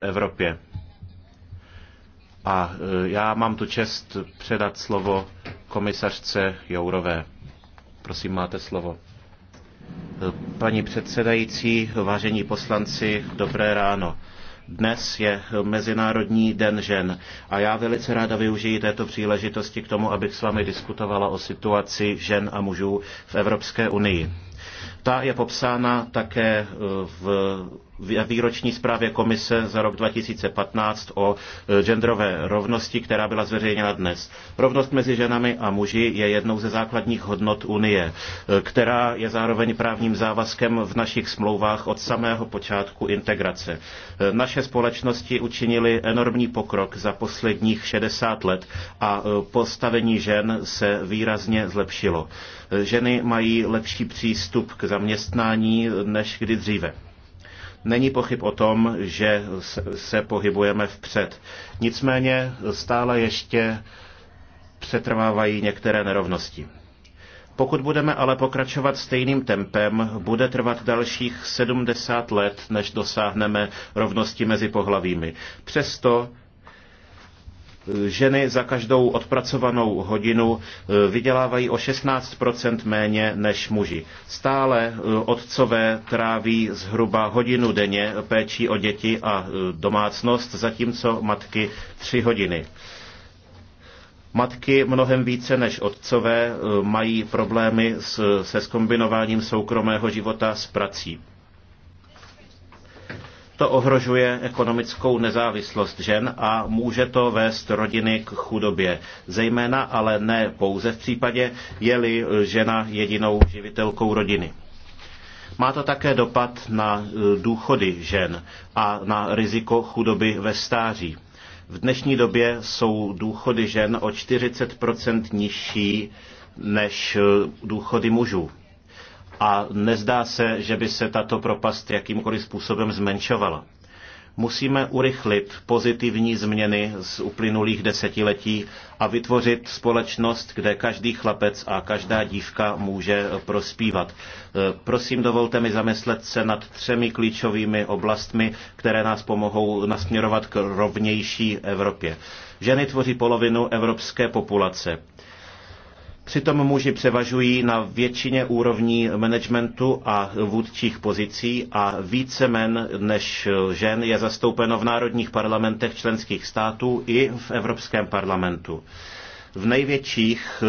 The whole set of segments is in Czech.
Evropě. A e, já mám tu čest předat slovo komisařce Jourové. Prosím, máte slovo. E, paní předsedající, vážení poslanci, dobré ráno. Dnes je Mezinárodní den žen a já velice ráda využiji této příležitosti k tomu, abych s vámi diskutovala o situaci žen a mužů v Evropské unii. Ta je popsána také e, v výroční zprávě komise za rok 2015 o e, genderové rovnosti, která byla zveřejněna dnes. Rovnost mezi ženami a muži je jednou ze základních hodnot Unie, e, která je zároveň právním závazkem v našich smlouvách od samého počátku integrace. E, naše společnosti učinily enormní pokrok za posledních 60 let a postavení žen se výrazně zlepšilo. Ženy mají lepší přístup k zaměstnání než kdy dříve. Není pochyb o tom, že se pohybujeme vpřed. Nicméně stále ještě přetrvávají některé nerovnosti. Pokud budeme ale pokračovat stejným tempem, bude trvat dalších 70 let, než dosáhneme rovnosti mezi pohlavími. Přesto Ženy za každou odpracovanou hodinu eh, vydělávají o 16 méně než muži. Stále eh, otcové tráví zhruba hodinu denně péčí o děti a eh, domácnost, zatímco matky tři hodiny. Matky mnohem více než otcové mají problémy se skombinováním soukromého života s prací. To ohrožuje ekonomickou nezávislost žen a může to vést rodiny k chudobě. Zejména, ale ne pouze v případě, je-li žena jedinou živitelkou rodiny. Má to také dopad na e, důchody žen a na riziko chudoby ve stáří. V dnešní době jsou důchody žen o 40 nižší než e, důchody mužů a nezdá se, že by se tato propast jakýmkoliv způsobem zmenšovala. Musíme urychlit pozitivní změny z uplynulých desetiletí a vytvořit společnost, kde každý chlapec a každá dívka může prospívat. E, prosím, dovolte mi zamyslet se nad třemi klíčovými oblastmi, které nás pomohou nasměrovat k rovnější Evropě. Ženy tvoří polovinu evropské populace. Přitom muži převažují na většině úrovní managementu a vůdčích pozicí a více men než žen je zastoupeno v národních parlamentech členských států i v Evropském parlamentu. V největších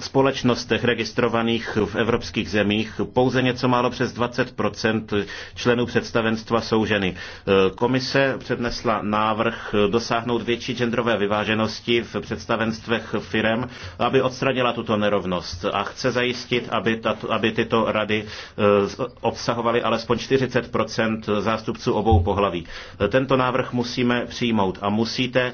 společnostech registrovaných v evropských zemích pouze něco málo přes 20 členů představenstva jsou ženy. Komise přednesla návrh dosáhnout větší genderové vyváženosti v představenstvech firem, aby odstranila tuto nerovnost a chce zajistit, aby, tato, aby tyto rady eh, obsahovaly alespoň 40 zástupců obou pohlaví. Tento návrh musíme přijmout a musíte eh,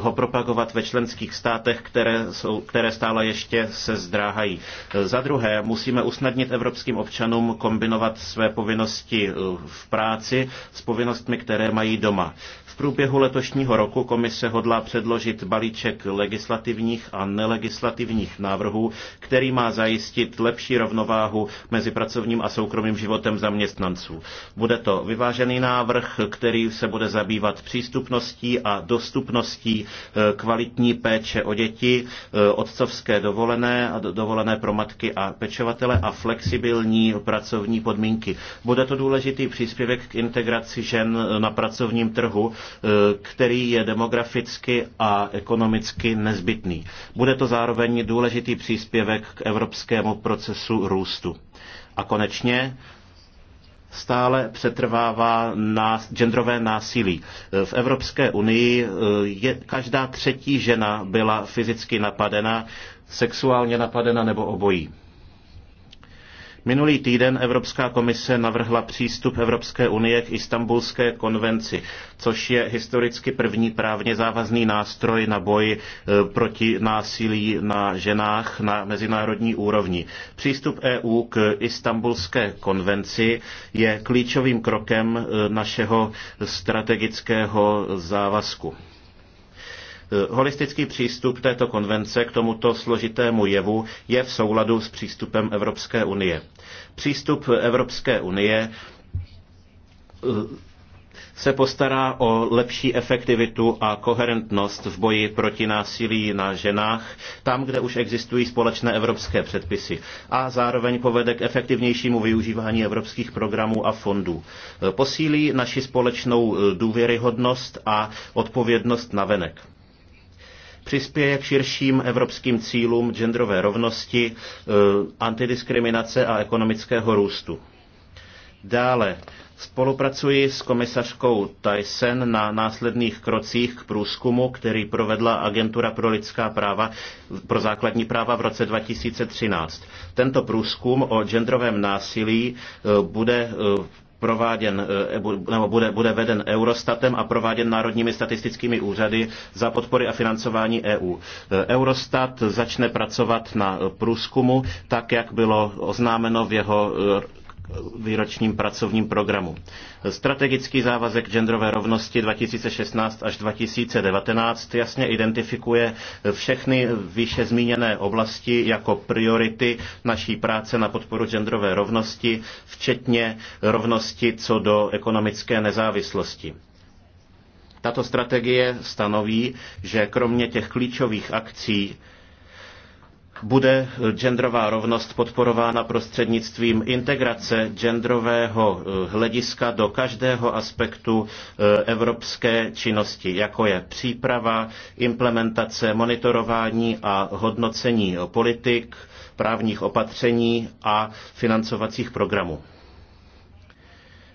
ho propagovat ve členských státech, které, jsou, které stále ještě se zdráhají. Za druhé, musíme usnadnit evropským občanům kombinovat své povinnosti eh, v práci s povinnostmi, které mají doma průběhu letošního roku komise hodlá předložit balíček legislativních a nelegislativních návrhů, který má zajistit lepší rovnováhu mezi pracovním a soukromým životem zaměstnanců. Bude to vyvážený návrh, který se bude zabývat přístupností a dostupností e, kvalitní péče o děti, e, otcovské dovolené a dovolené pro matky a pečovatele a flexibilní pracovní podmínky. Bude to důležitý příspěvek k integraci žen na pracovním trhu Eh, který je demograficky a ekonomicky nezbytný. Bude to zároveň důležitý příspěvek k evropskému procesu růstu. A konečně stále přetrvává nás, genderové násilí. Eh, v Evropské unii eh, je, každá třetí žena byla fyzicky napadena, sexuálně napadena nebo obojí. Minulý týden Evropská komise navrhla přístup Evropské unie k Istanbulské konvenci, což je historicky první právně závazný nástroj na boj e, proti násilí na ženách na mezinárodní úrovni. Přístup EU k Istanbulské konvenci je klíčovým krokem e, našeho strategického závazku. Eh, holistický přístup této konvence k tomuto složitému jevu je v souladu s přístupem Evropské unie. Přístup Evropské unie eh, se postará o lepší efektivitu a koherentnost v boji proti násilí na ženách, tam, kde už existují společné evropské předpisy a zároveň povede k efektivnějšímu využívání evropských programů a fondů. Eh, posílí naši společnou důvěryhodnost a odpovědnost navenek přispěje k širším evropským cílům genderové rovnosti, eh, antidiskriminace a ekonomického růstu. Dále spolupracuji s komisařkou Tyson na následných krocích k průzkumu, který provedla Agentura pro lidská práva pro základní práva v roce 2013. Tento průzkum o genderovém násilí eh, bude eh, prováděn, eh, nebo bude, bude veden Eurostatem a prováděn národními statistickými úřady za podpory a financování EU. Eh, Eurostat začne pracovat na eh, průzkumu, tak jak bylo oznámeno v jeho výročním pracovním programu. Strategický závazek genderové rovnosti 2016 až 2019 jasně identifikuje všechny výše zmíněné oblasti jako priority naší práce na podporu genderové rovnosti, včetně rovnosti co do ekonomické nezávislosti. Tato strategie stanoví, že kromě těch klíčových akcí bude genderová rovnost podporována prostřednictvím integrace genderového eh, hlediska do každého aspektu eh, evropské činnosti, jako je příprava, implementace, monitorování a hodnocení politik, právních opatření a financovacích programů.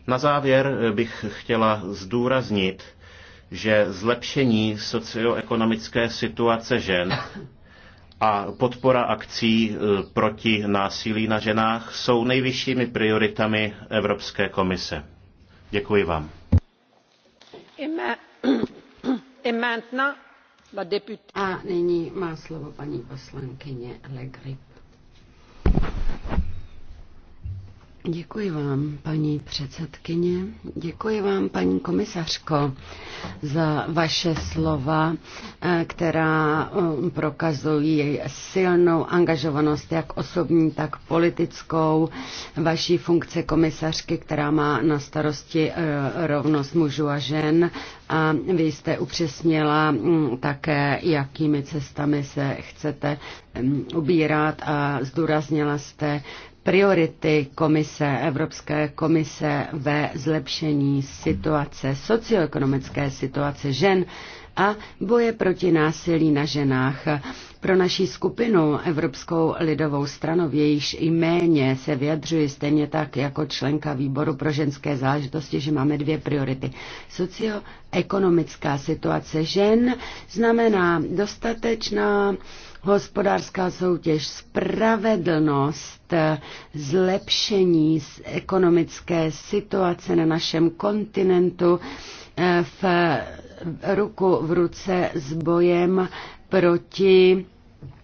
Na závěr eh, bych chtěla zdůraznit, že zlepšení socioekonomické situace žen a podpora akcí e, proti násilí na ženách jsou nejvyššími prioritami Evropské komise. Děkuji vám. A nyní má slovo paní poslankyně Legri. Děkuji vám, paní předsedkyně. Děkuji vám, paní komisařko, za vaše slova, eh, která eh, prokazují silnou angažovanost, jak osobní, tak politickou, vaší funkce komisařky, která má na starosti eh, rovnost mužů a žen. A vy jste upřesnila mm, také, jakými cestami se chcete mm, ubírat a zdůraznila jste priority komise, Evropské komise ve zlepšení situace, socioekonomické situace žen a boje proti násilí na ženách. Pro naší skupinu Evropskou lidovou stranu, v jejíž jméně se vyjadřuji stejně tak jako členka výboru pro ženské záležitosti, že máme dvě priority. Socioekonomická situace žen znamená dostatečná hospodářská soutěž, spravedlnost, zlepšení z ekonomické situace na našem kontinentu eh, v ruku v ruce s bojem proti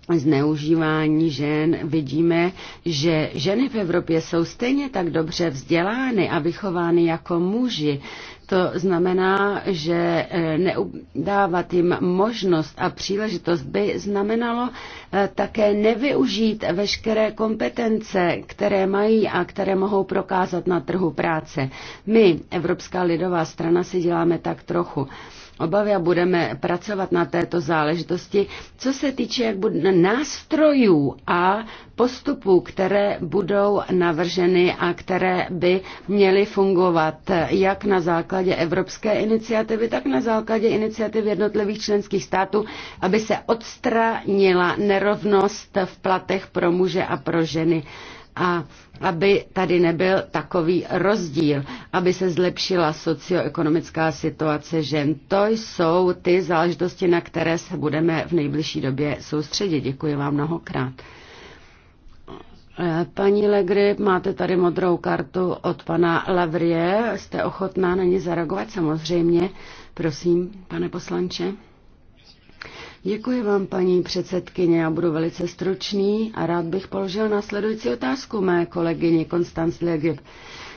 zneužívání žen vidíme, že ženy v Evropě jsou stejně tak dobře vzdělány a vychovány jako muži. To znamená, že eh, neudávat jim možnost a příležitost by znamenalo eh, také nevyužít veškeré kompetence, které mají a které mohou prokázat na trhu práce. My, Evropská lidová strana, si děláme tak trochu obavy a budeme pracovat na této záležitosti. Co se týče jak bude, nástrojů a postupů, které budou navrženy a které by měly fungovat jak na základě evropské iniciativy, tak na základě iniciativy jednotlivých členských států, aby se odstranila nerovnost v platech pro muže a pro ženy. A aby tady nebyl takový rozdíl, aby se zlepšila socioekonomická situace žen. To jsou ty záležitosti, na které se budeme v nejbližší době soustředit. Děkuji vám mnohokrát. Paní Legry, máte tady modrou kartu od pana Lavrie. Jste ochotná na ní zareagovat? Samozřejmě. Prosím, pane poslanče. Děkuji vám, paní předsedkyně. Já budu velice stručný a rád bych položil následující otázku mé kolegyni Konstanc Legib.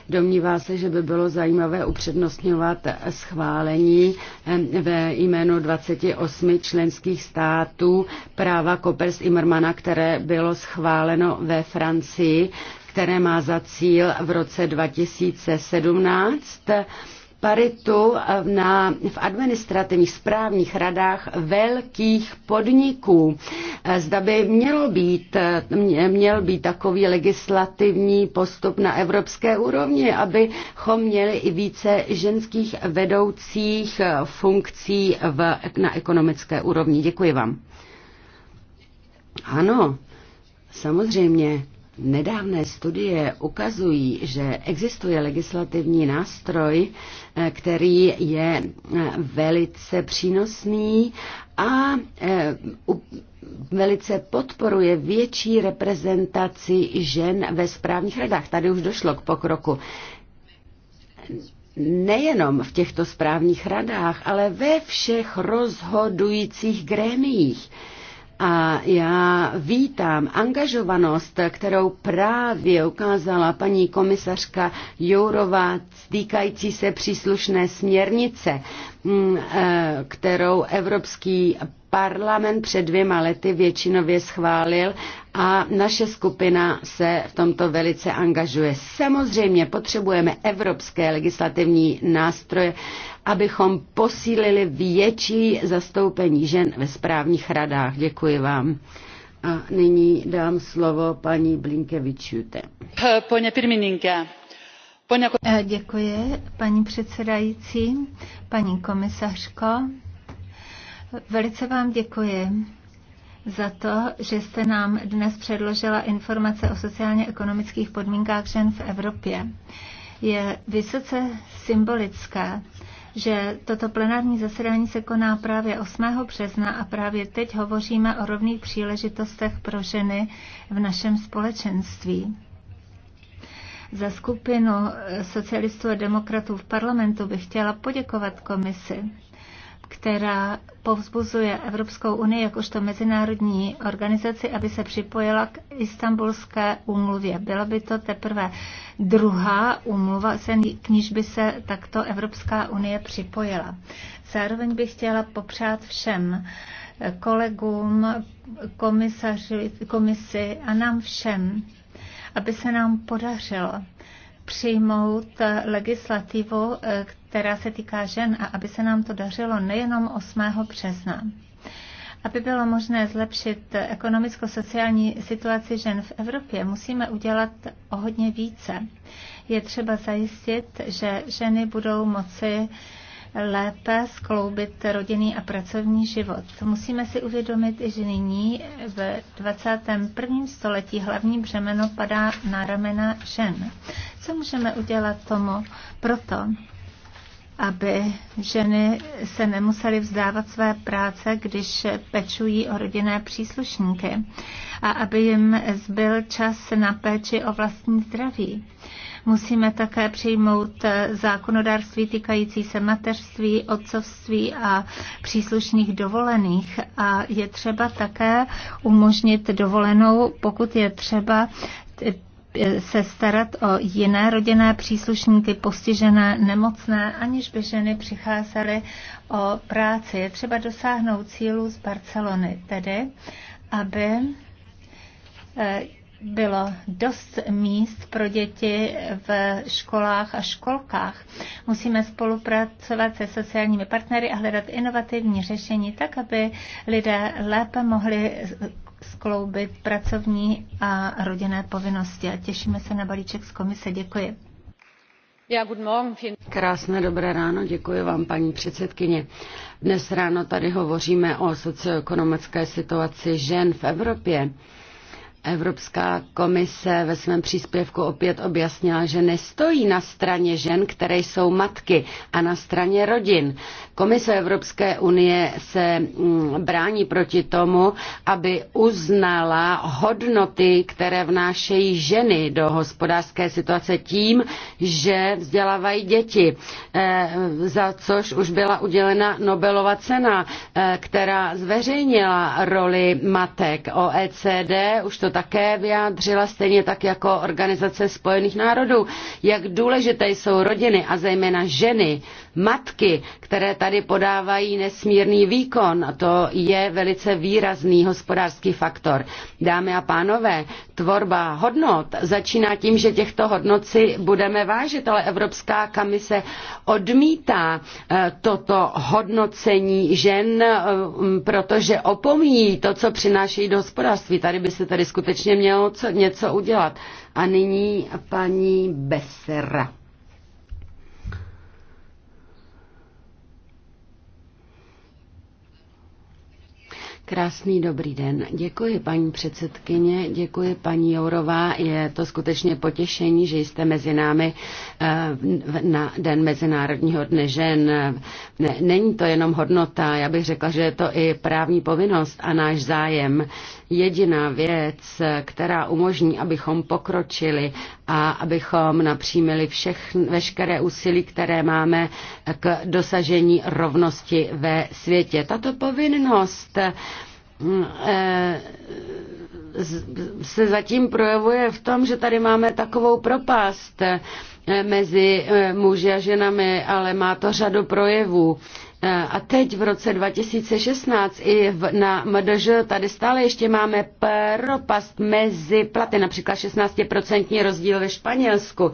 Domnívá se, že by bylo zajímavé upřednostňovat schválení eh, ve jménu 28 členských států práva Kopers Immermana, které bylo schváleno ve Francii, které má za cíl v roce 2017 paritu na, v administrativních správních radách velkých podniků. Eh, zda by měl být, eh, měl být takový legislativní postup na evropské úrovni, abychom měli i více ženských vedoucích eh, funkcí v, na ekonomické úrovni. Děkuji vám. Ano, samozřejmě Nedávné studie ukazují, že existuje legislativní nástroj, eh, který je eh, velice přínosný a eh, velice podporuje větší reprezentaci žen ve správních radách. Tady už došlo k pokroku nejenom v těchto správních radách, ale ve všech rozhodujících grémiích. A já vítám angažovanost, kterou právě ukázala paní komisařka Jourová týkající se příslušné směrnice. Mm, eh, kterou Evropský parlament před dvěma lety většinově schválil a naše skupina se v tomto velice angažuje. Samozřejmě potřebujeme evropské legislativní nástroje, abychom posílili větší zastoupení žen ve správních radách. Děkuji vám. A nyní dám slovo paní Blinkevičute. Pane pirmininke, jako- eh, děkuji, paní předsedající, paní komisařko. Velice vám děkuji za to, že jste nám dnes předložila informace o sociálně-ekonomických podmínkách žen v Evropě. Je vysoce symbolické, že toto plenární zasedání se koná právě 8. března a právě teď hovoříme o rovných příležitostech pro ženy v našem společenství. Za skupinu eh, socialistů a demokratů v parlamentu bych chtěla poděkovat komisi která povzbuzuje Evropskou unii jakožto mezinárodní organizaci, aby se připojila k istambulské úmluvě. Byla by to teprve druhá úmluva, k níž by se takto Evropská unie připojila. Zároveň bych chtěla popřát všem eh, kolegům, komisaři, komisi a nám všem aby se nám podařilo přijmout eh, legislativu, eh, která se týká žen a aby se nám to dařilo nejenom 8. března. Aby bylo možné zlepšit eh, ekonomicko-sociální situaci žen v Evropě, musíme udělat o hodně více. Je třeba zajistit, že ženy budou moci lépe skloubit rodinný a pracovní život. Musíme si uvědomit, že nyní v 21. století hlavní břemeno padá na ramena žen. Co můžeme udělat tomu proto, aby ženy se nemusely vzdávat své práce, když pečují o rodinné příslušníky a aby jim zbyl čas na péči o vlastní zdraví. Musíme také přijmout eh, zákonodárství týkající se mateřství, otcovství a příslušných dovolených. A je třeba také umožnit dovolenou, pokud je třeba eh, se starat o jiné rodinné příslušníky postižené, nemocné, aniž by ženy přicházely o práci. Je třeba dosáhnout cílu z Barcelony, tedy aby eh, bylo dost míst pro děti v školách a školkách. Musíme spolupracovat se sociálními partnery a hledat inovativní řešení tak, aby lidé lépe mohli skloubit pracovní a rodinné povinnosti. A těšíme se na balíček z komise. Děkuji. Krásné dobré ráno, děkuji vám, paní předsedkyně. Dnes ráno tady hovoříme o socioekonomické situaci žen v Evropě. Evropská komise ve svém příspěvku opět objasnila, že nestojí na straně žen, které jsou matky, a na straně rodin. Komise Evropské unie se mm, brání proti tomu, aby uznala hodnoty, které vnášejí ženy do hospodářské situace tím, že vzdělávají děti, eh, za což už byla udělena Nobelova cena, eh, která zveřejnila roli matek. OECD už to také vyjádřila, stejně tak jako Organizace spojených národů, jak důležité jsou rodiny a zejména ženy matky, které tady podávají nesmírný výkon. A to je velice výrazný hospodářský faktor. Dámy a pánové, tvorba hodnot začíná tím, že těchto hodnot si budeme vážit, ale Evropská komise odmítá eh, toto hodnocení žen, eh, protože opomíjí to, co přináší do hospodářství. Tady by se tady skutečně mělo co, něco udělat. A nyní paní Besera. Krásný dobrý den. Děkuji paní předsedkyně, děkuji paní Jourová. Je to skutečně potěšení, že jste mezi námi eh, na Den Mezinárodního dne žen. Není to jenom hodnota, já bych řekla, že je to i právní povinnost a náš zájem jediná věc, která umožní, abychom pokročili a abychom napřímili všech, veškeré úsilí, které máme k dosažení rovnosti ve světě. Tato povinnost eh, se zatím projevuje v tom, že tady máme takovou propast eh, mezi eh, muži a ženami, ale má to řadu projevů. E, a teď v roce 2016 i v, na MDŽ tady stále ještě máme propast mezi platy, například 16% rozdíl ve Španělsku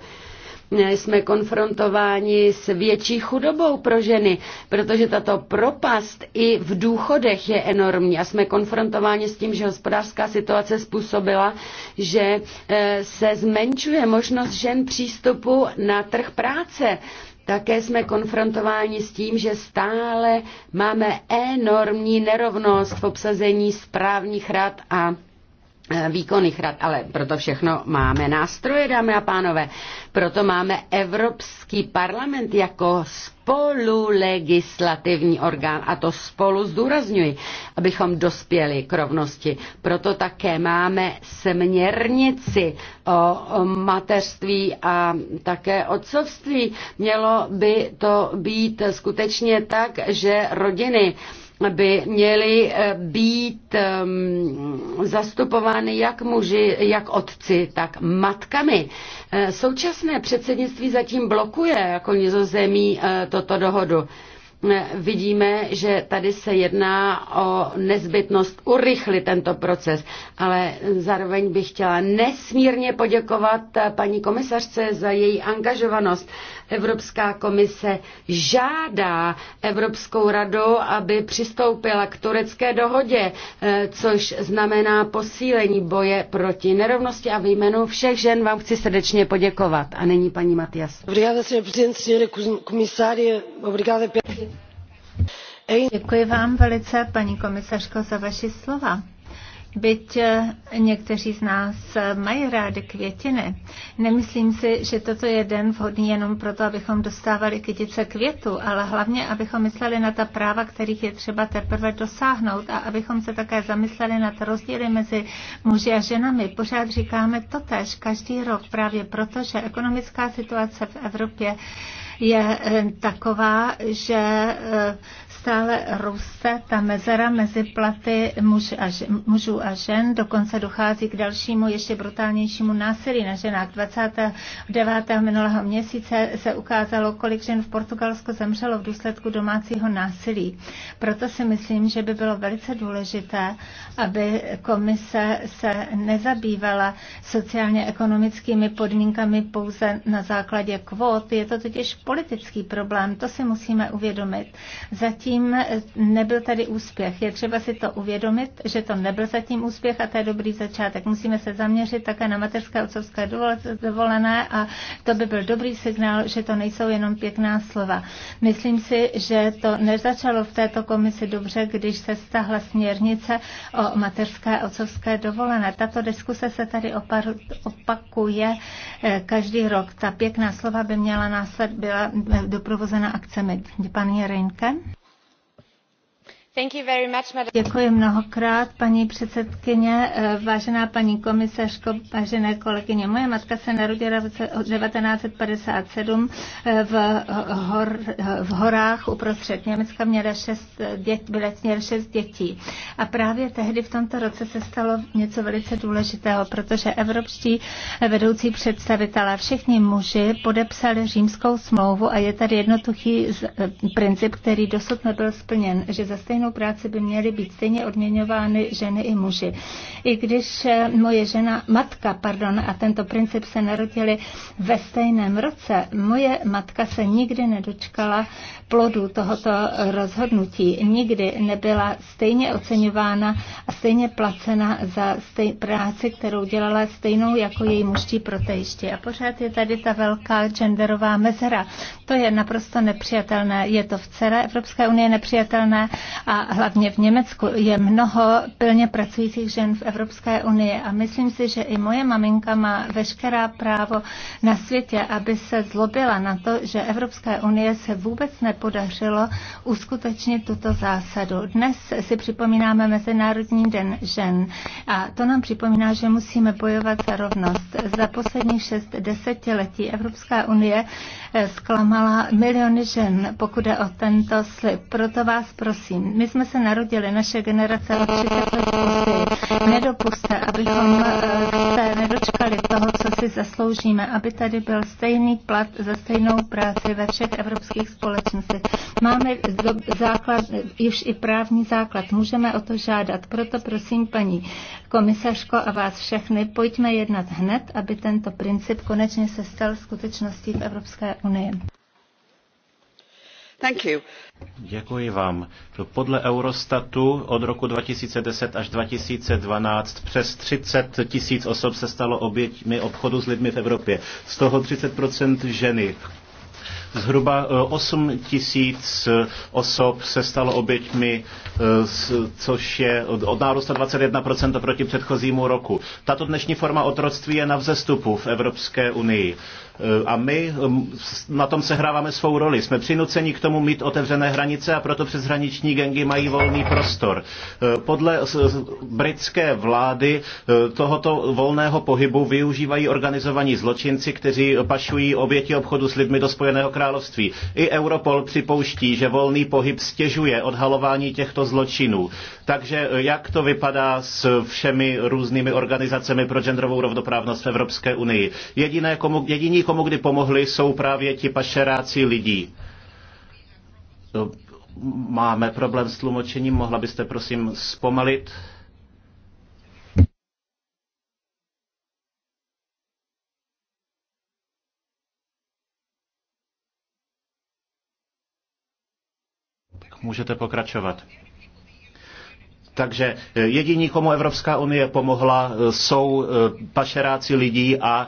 e, jsme konfrontováni s větší chudobou pro ženy, protože tato propast i v důchodech je enormní a jsme konfrontováni s tím, že hospodářská situace způsobila, že e, se zmenšuje možnost žen přístupu na trh práce také jsme konfrontováni s tím, že stále máme enormní nerovnost v obsazení správních rad a Eh, výkonných rad, ale proto všechno máme nástroje, dámy a pánové. Proto máme Evropský parlament jako spolulegislativní orgán a to spolu zdůrazňuji, abychom dospěli k rovnosti. Proto také máme směrnici o mateřství a také otcovství. Mělo by to být skutečně tak, že rodiny by měli eh, být ehm, zastupovány jak muži, jak otci, tak matkami. Eh, současné předsednictví zatím blokuje jako nizozemí eh, toto dohodu vidíme, že tady se jedná o nezbytnost urychlit tento proces, ale zároveň bych chtěla nesmírně poděkovat paní komisařce za její angažovanost Evropská komise žádá Evropskou radu, aby přistoupila k turecké dohodě, eh, což znamená posílení boje proti nerovnosti a v jménu všech žen vám chci srdečně poděkovat. A není paní Matias. Děkuji vám velice, paní komisařko, za vaši slova. Byť eh, někteří z nás eh, mají rádi květiny, nemyslím si, že toto je den vhodný jenom proto, abychom dostávali kytice květu, ale hlavně, abychom mysleli na ta práva, kterých je třeba teprve dosáhnout a abychom se také zamysleli nad rozdíly mezi muži a ženami. Pořád říkáme tež každý rok právě proto, že ekonomická situace v Evropě je eh, taková, že stále roste ta mezera mezi platy muž a žen, mužů a žen. Dokonce dochází k dalšímu, ještě brutálnějšímu násilí na ženách. 29. minulého měsíce se ukázalo, kolik žen v Portugalsku zemřelo v důsledku domácího násilí. Proto si myslím, že by bylo velice důležité, aby komise se nezabývala sociálně-ekonomickými podmínkami pouze na základě kvót. Je to totiž politický problém, to si musíme uvědomit. Zatím zatím nebyl tady úspěch. Je třeba si to uvědomit, že to nebyl zatím úspěch a to je dobrý začátek. Musíme se zaměřit také na mateřské otcovské dovolené a to by byl dobrý signál, že to nejsou jenom pěkná slova. Myslím si, že to nezačalo v této komisi dobře, když se stahla směrnice o mateřské otcovské dovolené. Tato diskuse se tady opakuje eh, každý rok. Ta pěkná slova by měla následně byla eh, doprovozena akcemi. Pan Jerejnke. Děkuji mnohokrát, paní předsedkyně, eh, vážená paní komisařko, vážené kolegyně. Moje matka se narodila v roce 1957 eh, v, hor, eh, v horách uprostřed Německa, měla šest, dět, byla, měla šest dětí. A právě tehdy v tomto roce se stalo něco velice důležitého, protože evropští vedoucí představitelé, všichni muži, podepsali římskou smlouvu a je tady jednotuchý princip, který dosud nebyl splněn, že za stejné stejnou práci by měly být stejně odměňovány ženy i muži. I když eh, moje žena, matka, pardon, a tento princip se narodili ve stejném roce, moje matka se nikdy nedočkala plodu tohoto rozhodnutí. Nikdy nebyla stejně oceňována a stejně placena za stej, práci, kterou dělala stejnou jako její mužtí protejště. A pořád je tady ta velká genderová mezera. To je naprosto nepřijatelné. Je to v celé Evropské unii nepřijatelné a hlavně v Německu je mnoho pilně pracujících žen v Evropské unii a myslím si, že i moje maminka má veškerá právo na světě, aby se zlobila na to, že Evropské unie se vůbec nepodařilo uskutečnit tuto zásadu. Dnes si připomínáme Mezinárodní den žen a to nám připomíná, že musíme bojovat za rovnost. Za poslední šest desetiletí Evropská unie eh, zklamala miliony žen, pokud je o tento slib. Proto vás prosím, my jsme se narodili, naše generace o 30 let později. Nedopuste, abychom eh, se nedočkali toho, co si zasloužíme, aby tady byl stejný plat za stejnou práci ve všech evropských společnostech. Máme základ, již i právní základ, můžeme o to žádat. Proto prosím paní komisařko a vás všechny, pojďme jednat hned, aby tento princip konečně se stal skutečností v Evropské unii. Thank you. Děkuji vám. Podle Eurostatu od roku 2010 až 2012 přes 30 tisíc osob se stalo oběťmi obchodu s lidmi v Evropě. Z toho 30 ženy. Zhruba 8 e, tisíc e, osob se stalo oběťmi, e, což je od nárůsta 21% proti předchozímu roku. Tato dnešní forma otroctví je na vzestupu v Evropské unii. A my na tom sehráváme svou roli. Jsme přinuceni k tomu mít otevřené hranice a proto přeshraniční gengy mají volný prostor. Podle britské vlády tohoto volného pohybu využívají organizovaní zločinci, kteří pašují oběti obchodu s lidmi do Spojeného království království. I Europol připouští, že volný pohyb stěžuje odhalování těchto zločinů. Takže eh, jak to vypadá s všemi různými organizacemi pro genderovou rovnoprávnost v Evropské unii? Jediné komu, jediní, komu kdy pomohli, jsou právě ti pašeráci lidí. Eh, máme problém s tlumočením, mohla byste prosím zpomalit? můžete pokračovat. Takže eh, jediní, komu Evropská unie pomohla, eh, jsou eh, pašeráci lidí a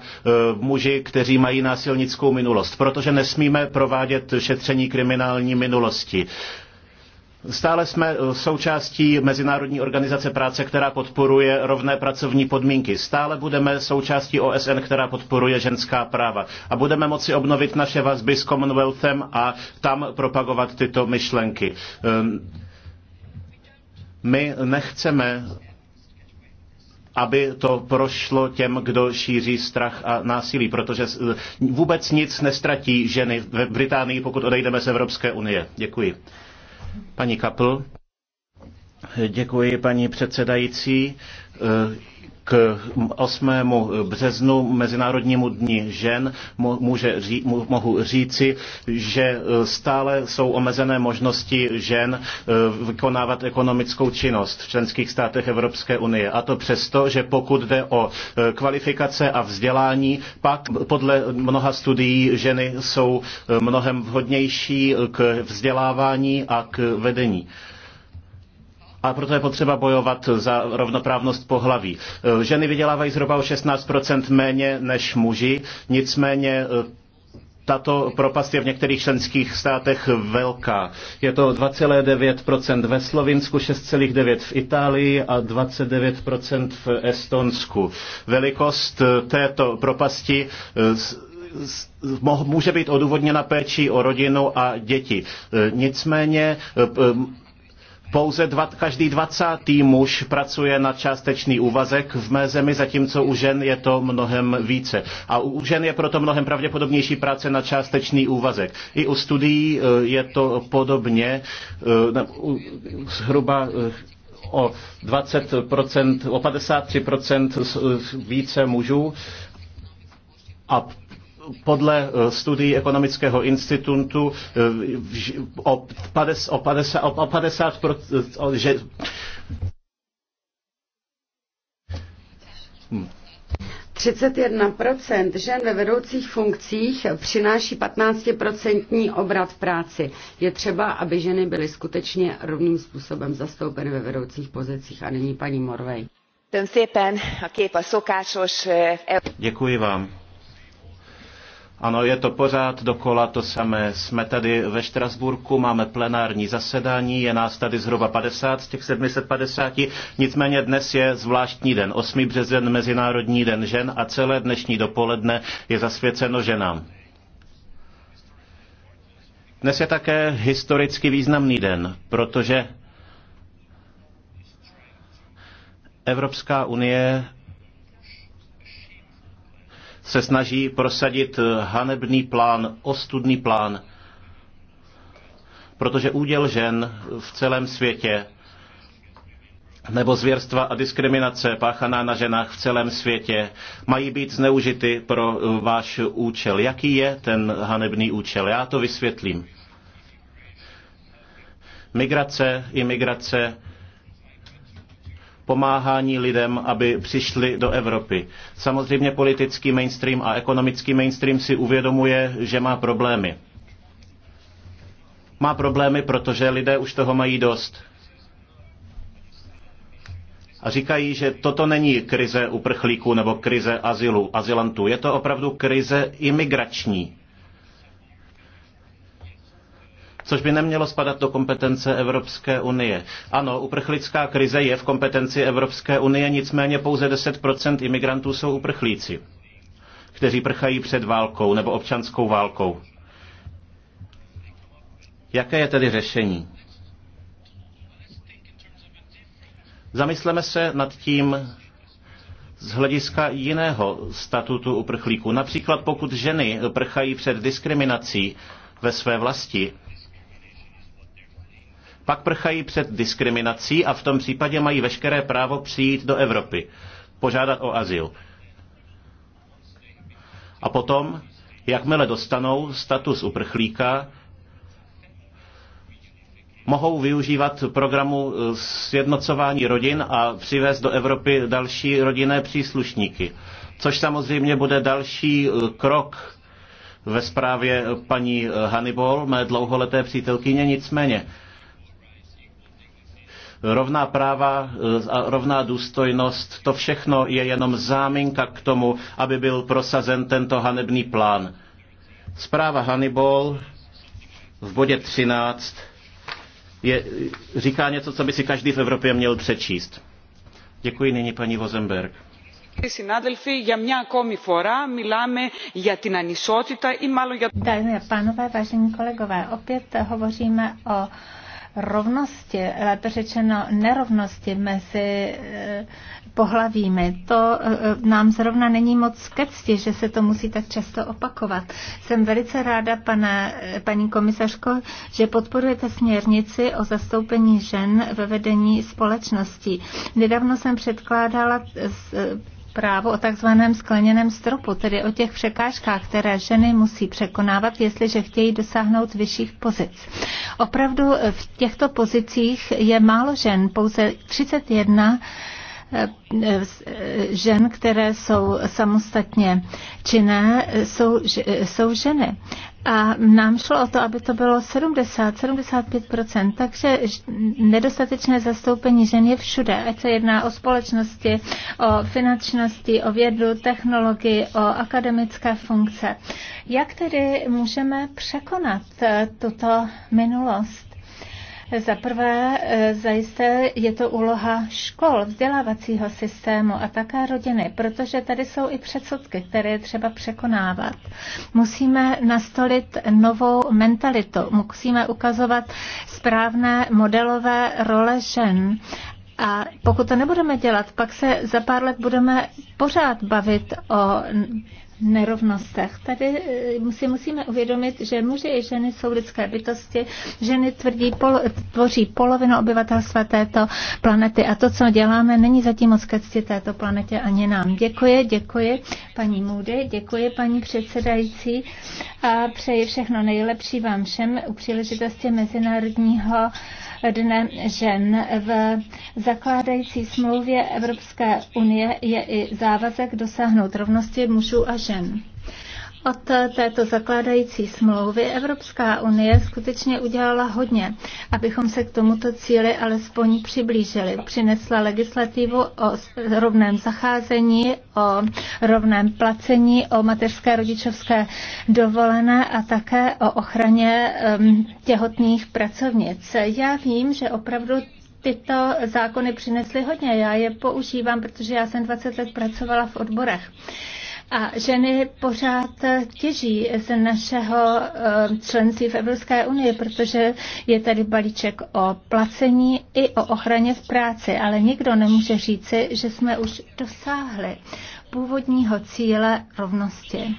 muži, kteří mají násilnickou minulost, protože nesmíme provádět šetření kriminální minulosti. Stále jsme eh, součástí Mezinárodní organizace práce, která podporuje rovné pracovní podmínky. Stále budeme součástí OSN, která podporuje ženská práva. A budeme moci obnovit naše vazby s Commonwealthem a tam propagovat tyto myšlenky. Ehm, my nechceme aby to prošlo těm, kdo šíří strach a násilí, protože eh, vůbec nic nestratí ženy v Británii, pokud odejdeme z Evropské unie. Děkuji. Paní Kapl. Děkuji, paní předsedající k 8. březnu, Mezinárodnímu dní žen, může, ří, mohu říci, že e, stále jsou omezené možnosti žen e, vykonávat ekonomickou činnost v členských státech Evropské unie. A to přesto, že pokud jde o e, kvalifikace a vzdělání, pak podle mnoha studií ženy jsou mnohem vhodnější k vzdělávání a k vedení a proto je potřeba bojovat za rovnoprávnost pohlaví. Eh, ženy vydělávají zhruba o 16% méně než muži, nicméně eh, tato propast je v některých členských státech velká. Je to 2,9% ve Slovinsku, 6,9% v Itálii a 29% v Estonsku. Velikost eh, této propasti může být odůvodněna péčí o rodinu a děti. Nicméně pouze dva, každý dvacátý muž pracuje na částečný úvazek v mé zemi, zatímco u žen je to mnohem více. A u žen je proto mnohem pravděpodobnější práce na částečný úvazek. I u studií eh, je to podobně, eh, zhruba eh, o 20%, o 53% více mužů a podle eh, studií Ekonomického institutu eh, o 50, o 50, o 50 o, že... hm. 31 žen ve vedoucích funkcích přináší 15% obrat v práci. Je třeba, aby ženy byly skutečně rovným způsobem zastoupeny ve vedoucích pozicích a není paní Morvej. Eh, e- Děkuji vám. Ano, je to pořád dokola to samé. Jsme tady ve Štrasburku, máme plenární zasedání, je nás tady zhruba 50 z těch 750, nicméně dnes je zvláštní den, 8. březen, Mezinárodní den žen a celé dnešní dopoledne je zasvěceno ženám. Dnes je také historicky významný den, protože Evropská unie se snaží prosadit hanebný plán, ostudný plán, protože úděl žen v celém světě nebo zvěrstva a diskriminace páchaná na ženách v celém světě mají být zneužity pro eh, váš účel. Jaký je ten hanebný účel? Já to vysvětlím. Migrace, imigrace, pomáhání lidem, aby přišli do Evropy. Samozřejmě politický mainstream a ekonomický mainstream si uvědomuje, že má problémy. Má problémy, protože lidé už toho mají dost a říkají, že toto není krize uprchlíků nebo krize azylu, azylantů. Je to opravdu krize imigrační což by nemělo spadat do kompetence Evropské unie. Ano, uprchlická krize je v kompetenci Evropské unie, nicméně pouze 10% imigrantů jsou uprchlíci, kteří prchají před válkou nebo občanskou válkou. Jaké je tedy řešení? Zamysleme se nad tím z hlediska jiného statutu uprchlíků. Například pokud ženy prchají před diskriminací ve své vlasti, pak prchají před diskriminací a v tom případě mají veškeré právo přijít do Evropy, požádat o azyl. A potom, jakmile dostanou status uprchlíka, mohou využívat programu eh, sjednocování rodin a přivést do Evropy další rodinné příslušníky. Což samozřejmě bude další eh, krok ve zprávě paní eh, Hannibal, mé dlouholeté přítelkyně, nicméně Rovná práva eh, a rovná důstojnost, to všechno je jenom záminka k tomu, aby byl prosazen tento hanebný plán. Zpráva Hannibal v bodě 13 je, říká něco, co by si každý v Evropě měl přečíst. Děkuji nyní paní Vozemberg. Dámy a pánové, vážení kolegové, opět hovoříme o rovnosti, lépe řečeno nerovnosti mezi eh, pohlavími. To eh, nám zrovna není moc kecti, že se to musí tak často opakovat. Jsem velice ráda, pane, eh, paní komisařko, že podporujete směrnici o zastoupení žen ve vedení společnosti. Nedávno jsem předkládala právo o takzvaném skleněném stropu, tedy o těch překážkách, které ženy musí překonávat, jestliže chtějí dosáhnout vyšších pozic. Opravdu v těchto pozicích je málo žen, pouze 31 eh, eh, žen, které jsou samostatně činné, jsou, eh, jsou ženy. A nám šlo o to, aby to bylo 70-75%, takže nedostatečné zastoupení žen je všude, ať se jedná o společnosti, o finančnosti, o vědu, technologii, o akademické funkce. Jak tedy můžeme překonat eh, tuto minulost? Za prvé, e, zajisté je to úloha škol, vzdělávacího systému a také rodiny, protože tady jsou i předsudky, které je třeba překonávat. Musíme nastolit novou mentalitu, musíme ukazovat správné modelové role žen a pokud to nebudeme dělat, pak se za pár let budeme pořád bavit o nerovnostech. Tady eh, si musíme uvědomit, že muži i ženy jsou lidské bytosti. Ženy tvrdí, pol, tvoří polovinu obyvatelstva této planety a to, co děláme, není zatím moc ke cti této planetě ani nám. Děkuji, děkuji paní Můdy, děkuji paní předsedající a přeji všechno nejlepší vám všem u příležitosti Mezinárodního dne žen. V zakládající smlouvě Evropské unie je i závazek dosáhnout rovnosti mužů a žen. Od této zakládající smlouvy Evropská unie skutečně udělala hodně, abychom se k tomuto cíli alespoň přiblížili. Přinesla legislativu o rovném zacházení, o rovném placení, o mateřské rodičovské dovolené a také o ochraně těhotných pracovnic. Já vím, že opravdu tyto zákony přinesly hodně. Já je používám, protože já jsem 20 let pracovala v odborech. A ženy pořád těží z našeho eh, členství v Evropské unii, protože je tady balíček o placení i o ochraně v práci, ale nikdo nemůže říci, že jsme už dosáhli původního cíle rovnosti.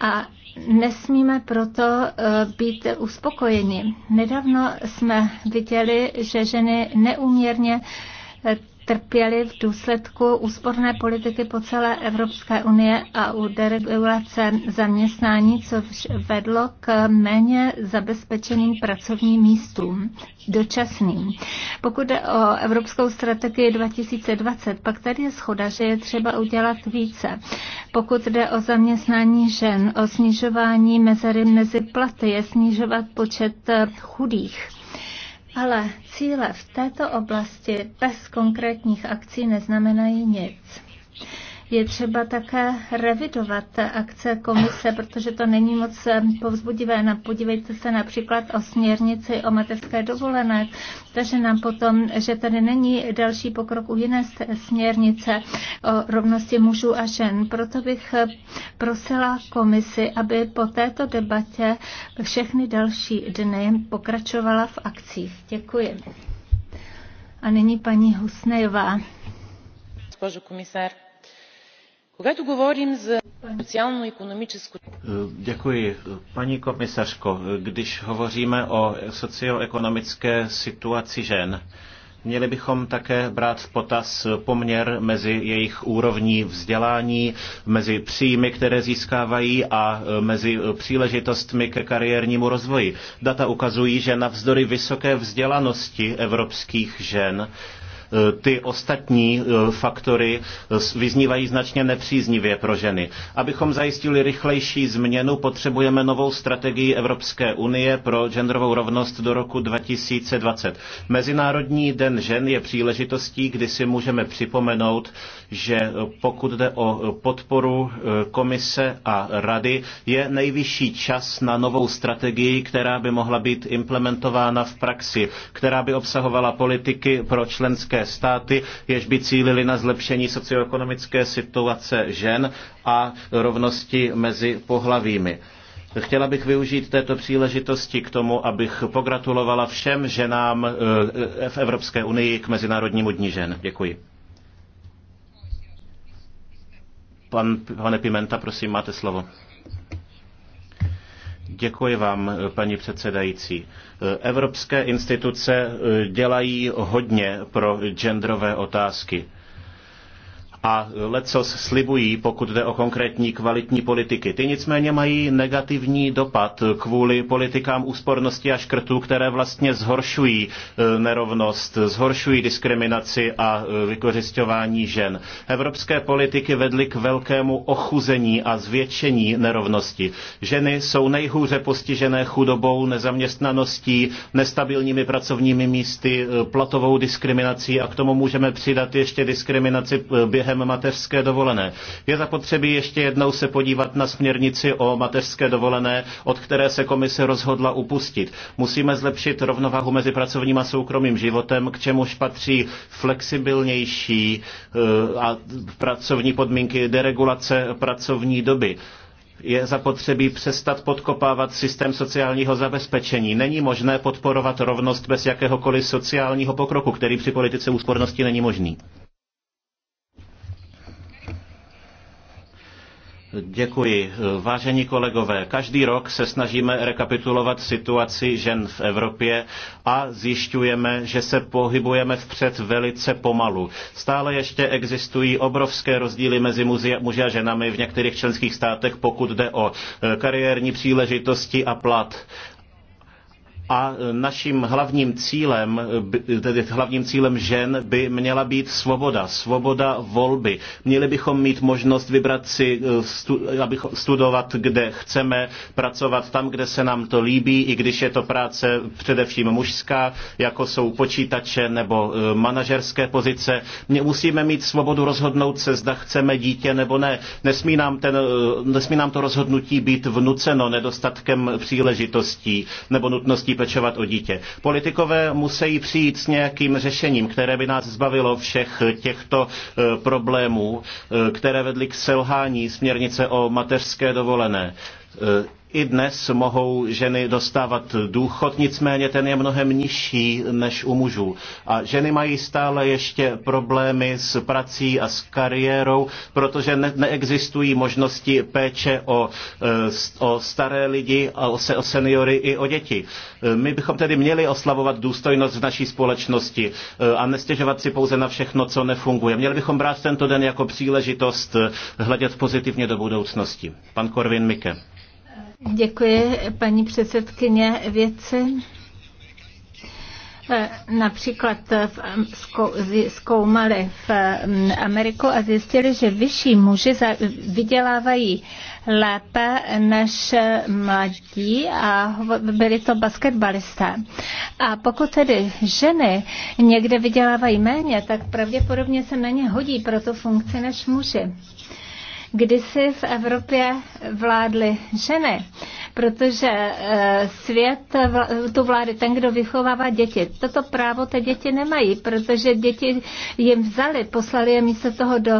A nesmíme proto eh, být uspokojeni. Nedávno jsme viděli, že ženy neuměrně eh, trpěli v důsledku úsporné politiky po celé Evropské unie a u deregulace zaměstnání, což vedlo k méně zabezpečeným pracovním místům dočasným. Pokud jde o Evropskou strategii 2020, pak tady je schoda, že je třeba udělat více. Pokud jde o zaměstnání žen, o snižování mezery mezi platy, je snižovat počet chudých ale cíle v této oblasti bez konkrétních akcí neznamenají nic. Je třeba také revidovat akce komise, protože to není moc povzbudivé. Podívejte se například o směrnici o mateřské dovolené, takže nám potom, že tady není další pokrok u jiné směrnice o rovnosti mužů a žen. Proto bych prosila komisi, aby po této debatě všechny další dny pokračovala v akcích. Děkuji. A nyní paní Husnejová. Госпожо комисар, Когато говорим за социално-економическо... Děkuji. Paní komisařko, když hovoříme o socioekonomické situaci žen, Měli bychom také brát v potaz poměr mezi jejich úrovní vzdělání, mezi příjmy, které získávají a e, mezi příležitostmi ke kariérnímu rozvoji. Data ukazují, že navzdory vysoké vzdělanosti evropských žen Eh, ty ostatní eh, faktory eh, vyznívají značně nepříznivě pro ženy. Abychom zajistili rychlejší změnu, potřebujeme novou strategii Evropské unie pro genderovou rovnost do roku 2020. Mezinárodní den žen je příležitostí, kdy si můžeme připomenout, že pokud jde o podporu komise a rady, je nejvyšší čas na novou strategii, která by mohla být implementována v praxi, která by obsahovala politiky pro členské členské státy, jež by cílily na zlepšení socioekonomické situace žen a rovnosti mezi pohlavími. Chtěla bych využít této příležitosti k tomu, abych pogratulovala všem ženám eh, v Evropské unii k Mezinárodnímu dní žen. Děkuji. Pan, pane Pimenta, prosím, máte slovo. Děkuji vám, paní předsedající. Evropské instituce dělají hodně pro genderové otázky a lecos slibují, pokud jde o konkrétní kvalitní politiky. Ty nicméně mají negativní dopad kvůli politikám úspornosti a škrtů, které vlastně zhoršují e, nerovnost, zhoršují diskriminaci a e, vykořišťování žen. Evropské politiky vedly k velkému ochuzení a zvětšení nerovnosti. Ženy jsou nejhůře postižené chudobou, nezaměstnaností, nestabilními pracovními místy, e, platovou diskriminací a k tomu můžeme přidat ještě diskriminaci během během mateřské dovolené. Je zapotřebí ještě jednou se podívat na směrnici o mateřské dovolené, od které se komise rozhodla upustit. Musíme zlepšit rovnováhu mezi pracovním a soukromým životem, k čemuž patří flexibilnější eh, a pracovní podmínky, deregulace pracovní doby je zapotřebí přestat podkopávat systém sociálního zabezpečení. Není možné podporovat rovnost bez jakéhokoliv sociálního pokroku, který při politice úspornosti není možný. Děkuji. Vážení kolegové, každý rok se snažíme rekapitulovat situaci žen v Evropě a zjišťujeme, že se pohybujeme vpřed velice pomalu. Stále ještě existují obrovské rozdíly mezi muži a ženami v některých členských státech, pokud jde o kariérní příležitosti a plat. A naším hlavním cílem, tedy hlavním cílem žen by měla být svoboda, svoboda volby. Měli bychom mít možnost vybrat si, eh, abychom studovat, kde chceme, pracovat tam, kde se nám to líbí, i když je to práce především mužská, jako jsou počítače nebo eh, manažerské pozice. Mě musíme mít svobodu rozhodnout se, zda chceme dítě nebo ne. Nesmí nám, ten, eh, nesmí nám to rozhodnutí být vnuceno nedostatkem příležitostí nebo nutností pečovat o dítě. Politikové musí přijít s nějakým řešením, které by nás zbavilo všech těchto eh, problémů, eh, které vedly k selhání směrnice o mateřské dovolené eh, i dnes mohou ženy dostávat důchod, nicméně ten je mnohem nižší než u mužů. A ženy mají stále ještě problémy s prací a s kariérou, protože ne- neexistují možnosti péče o, eh, o staré lidi, a o, se- o seniory i o děti. Eh, my bychom tedy měli oslavovat důstojnost v naší společnosti eh, a nestěžovat si pouze na všechno, co nefunguje. Měli bychom brát tento den jako příležitost hledět pozitivně do budoucnosti. Pan Korvin Mike. Děkuji, paní předsedkyně věci. Eh, například zkoumali v Ameriku a zjistili, že vyšší muži vydělávají lépe než mladí a byli to basketbalisté. A pokud tedy ženy někde vydělávají méně, tak pravděpodobně se méně hodí pro tu funkci než muži. Kdysi v Evropě vládly ženy, protože eh, svět tu vlády ten, kdo vychovává děti. Toto právo ty děti nemají, protože děti jim vzali, poslali je místo toho do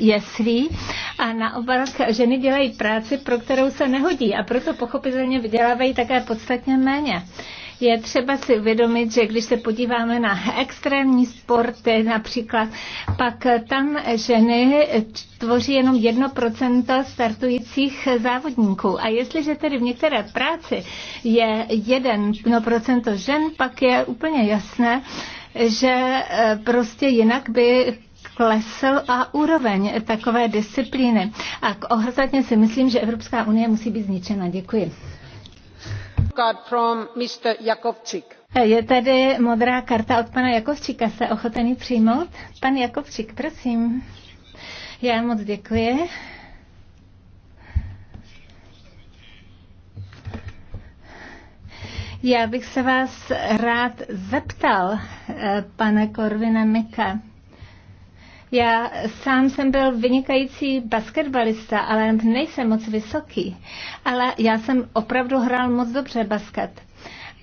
jeslí a naopak ženy dělají práci, pro kterou se nehodí a proto pochopitelně vydělávají také podstatně méně je třeba si uvědomit, že když se podíváme na extrémní sporty například, pak tam ženy tvoří jenom 1% startujících závodníků. A jestliže tedy v některé práci je 1% no žen, pak je úplně jasné, že e, prostě jinak by klesl a úroveň takové disciplíny. A ohrzatně si myslím, že Evropská unie musí být zničena. Děkuji. Je tady modrá karta od pana Jakovčíka. Jste ochotený přijmout? Pan Jakovčík, prosím. Já moc děkuji. Já bych se vás rád zeptal, eh, pane Korvina Mika. Já sám jsem byl vynikající basketbalista, ale nejsem moc vysoký. Ale já jsem opravdu hrál moc dobře basket.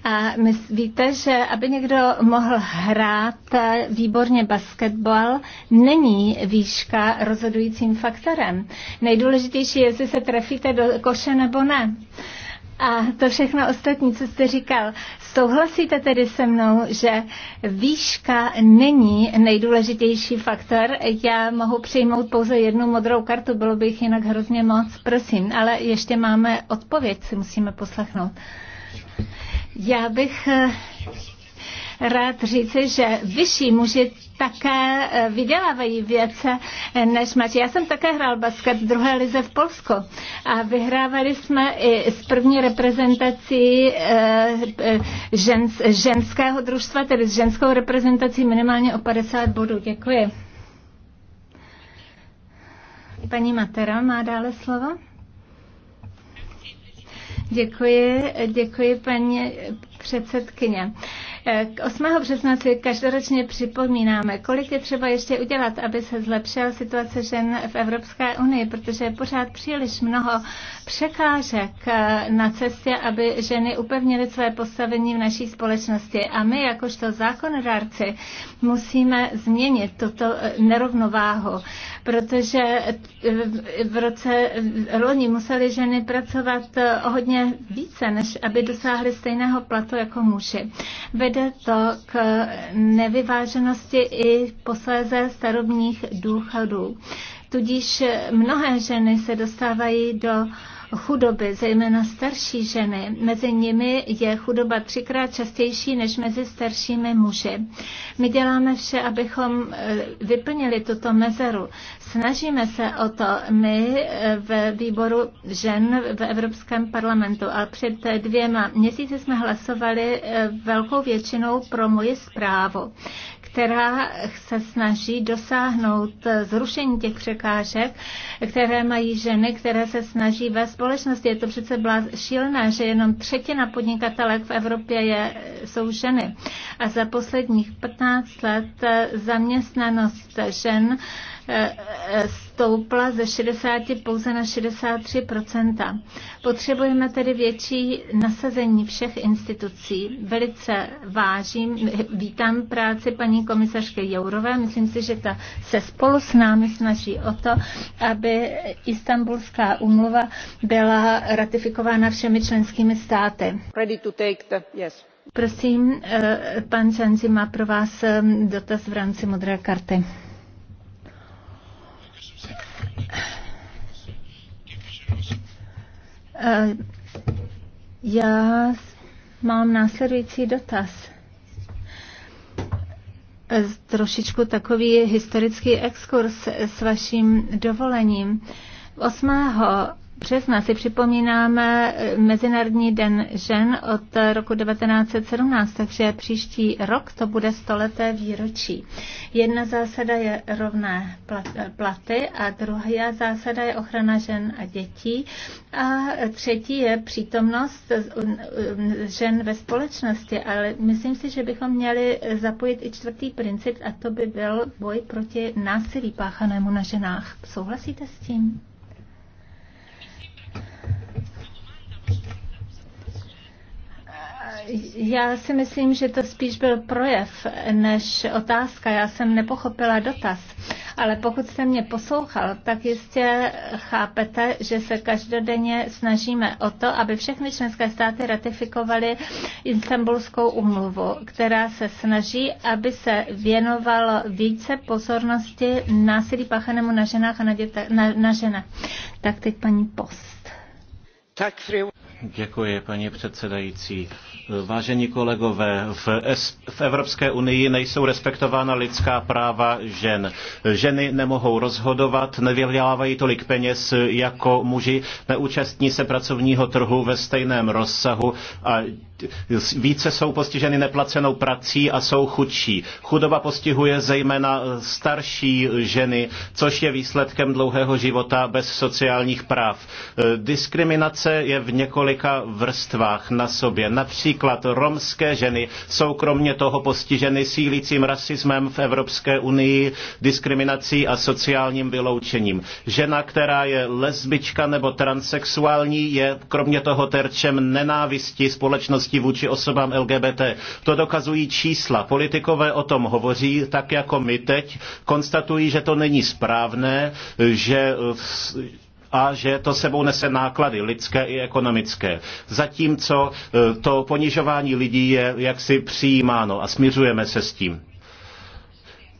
A my víte, že aby někdo mohl hrát eh, výborně basketbal, není výška rozhodujícím faktorem. Nejdůležitější je, jestli se trefíte do koše nebo ne a to všechno ostatní, co jste říkal. Souhlasíte tedy se mnou, že výška není nejdůležitější faktor? Já mohu přijmout pouze jednu modrou kartu, bylo by jich jinak hrozně moc, prosím. Ale ještě máme odpověď, si musíme poslechnout. Já bych eh, rád říci, že vyšší muži také eh, vydělávají věce eh, než mladší. Já jsem také hrál basket v druhé lize v Polsku a vyhrávali jsme i z první reprezentací eh, žens, ženského družstva, tedy s ženskou reprezentací minimálně o 50 bodů. Děkuji. Paní Matera má dále slovo. Děkuji, děkuji paní předsedkyně. 8. března si každoročně připomínáme, kolik je třeba ještě udělat, aby se zlepšila situace žen v Evropské unii, protože je pořád příliš mnoho překážek eh, na cestě, aby ženy upevnily své postavení v naší společnosti. A my, jakožto zákonodárci, musíme změnit tuto eh, nerovnováhu, protože eh, v roce loni museli ženy pracovat hodně více, než aby dosáhly stejného platu jako muži. Vede to k nevyváženosti i posléze starobních důchodů. Tudíž mnohé ženy se dostávají do chudoby, zejména starší ženy. Mezi nimi je chudoba třikrát častější než mezi staršími muži. My děláme vše, abychom eh, vyplnili tuto mezeru. Snažíme se o to my eh, v výboru žen v Evropském parlamentu a před eh, dvěma měsíci jsme hlasovali velkou většinou pro moji zprávu která se snaží dosáhnout zrušení těch překážek, které mají ženy, které se snaží ve společnosti. Je to přece byla šílená, že jenom třetina podnikatelek v Evropě je, jsou ženy. A za posledních 15 let zaměstnanost žen stoupla ze 60 pouze na 63 Potřebujeme tedy větší nasazení všech institucí. Velice vážím, vítám práci paní komisařky Jourové. Myslím si, že ta se spolu s námi snaží o to, aby Istanbulská umluva byla ratifikována všemi členskými státy. Ready to take the, yes. Prosím, eh, pan Čanzi má pro vás eh, dotaz v rámci modré karty. Eh, já mám následující dotaz. Eh, trošičku takový historický exkurs s vaším dovolením. 8 března si připomínáme eh, Mezinárodní den žen od eh, roku 1917, takže příští rok to bude stoleté výročí. Jedna zásada je rovné eh, platy a druhá zásada je ochrana žen a dětí a třetí je přítomnost um, um, žen ve společnosti, ale myslím si, že bychom měli zapojit i čtvrtý princip a to by byl boj proti násilí páchanému na ženách. Souhlasíte s tím? Já si myslím, že to spíš byl projev než otázka. Já jsem nepochopila dotaz. Ale pokud jste mě poslouchal, tak jistě chápete, že se každodenně snažíme o to, aby všechny členské státy ratifikovaly Istanbulskou umluvu, která se snaží, aby se věnovalo více pozornosti násilí páchanému na ženách a na, na, na ženách. Tak teď paní Post. Děkuji, paní předsedající. Vážení kolegové, v, es, v Evropské unii nejsou respektována lidská práva žen. Ženy nemohou rozhodovat, nevydělávají tolik peněz jako muži, neúčastní se pracovního trhu ve stejném rozsahu a více jsou postiženy neplacenou prací a jsou chudší. Chudoba postihuje zejména eh, starší ženy, což je výsledkem dlouhého života bez sociálních práv. Eh, diskriminace je v několika vrstvách na sobě. Například romské ženy jsou kromě toho postiženy sílícím rasismem v Evropské unii, diskriminací a sociálním vyloučením. Žena, která je lesbička nebo transsexuální, je kromě toho terčem nenávisti společnosti nenávisti vůči osobám LGBT. To dokazují čísla. Politikové o tom hovoří, tak jako my teď, konstatují, že to není správné, že a že to sebou nese náklady lidské i ekonomické. Zatímco e, to ponižování lidí je jaksi přijímáno a směřujeme se s tím.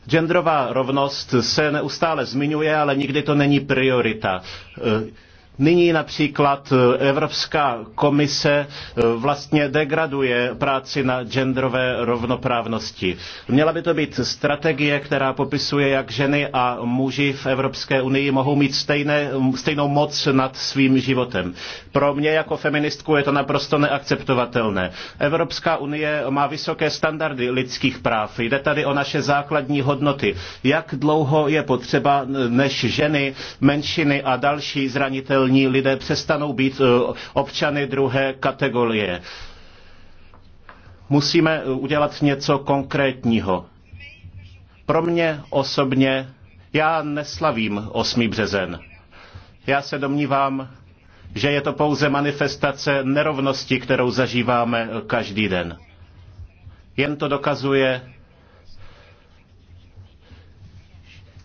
Genderová rovnost se neustále zmiňuje, ale nikdy to není priorita. E, Nyní například e, Evropská komise e, vlastně degraduje práci na genderové rovnoprávnosti. Měla by to být strategie, která popisuje, jak ženy a muži v Evropské unii mohou mít stejné, stejnou moc nad svým životem. Pro mě jako feministku je to naprosto neakceptovatelné. Evropská unie má vysoké standardy lidských práv. Jde tady o naše základní hodnoty. Jak dlouho je potřeba, než ženy, menšiny a další zranitelní civilní lidé přestanou být eh, občany druhé kategorie. Musíme eh, udělat něco konkrétního. Pro mě osobně já neslavím 8. březen. Já se domnívám, že je to pouze manifestace nerovnosti, kterou zažíváme eh, každý den. Jen to dokazuje,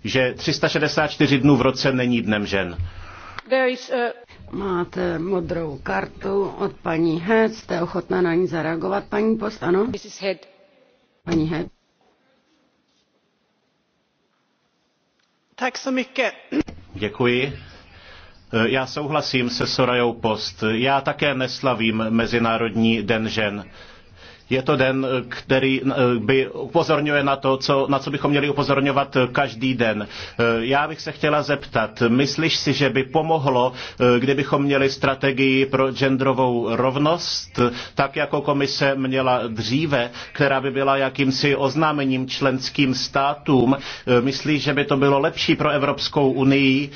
že 364 dnů v roce není dnem žen. Uh, Máte modrou kartu od paní Head. Jste ochotná na ní zareagovat, paní post? Ano? Head. Paní Head. Tak so mycket. Děkuji. Já souhlasím se Sorajou Post. Já také neslavím Mezinárodní den žen je to den, který eh, by upozorňuje na to, co, na co bychom měli upozorňovat každý den. Eh, já bych se chtěla zeptat, myslíš si, že by pomohlo, eh, kdybychom měli strategii pro genderovou rovnost, tak jako komise měla dříve, která by byla jakýmsi oznámením členským státům. Myslíš, že by to bylo lepší pro Evropskou unii,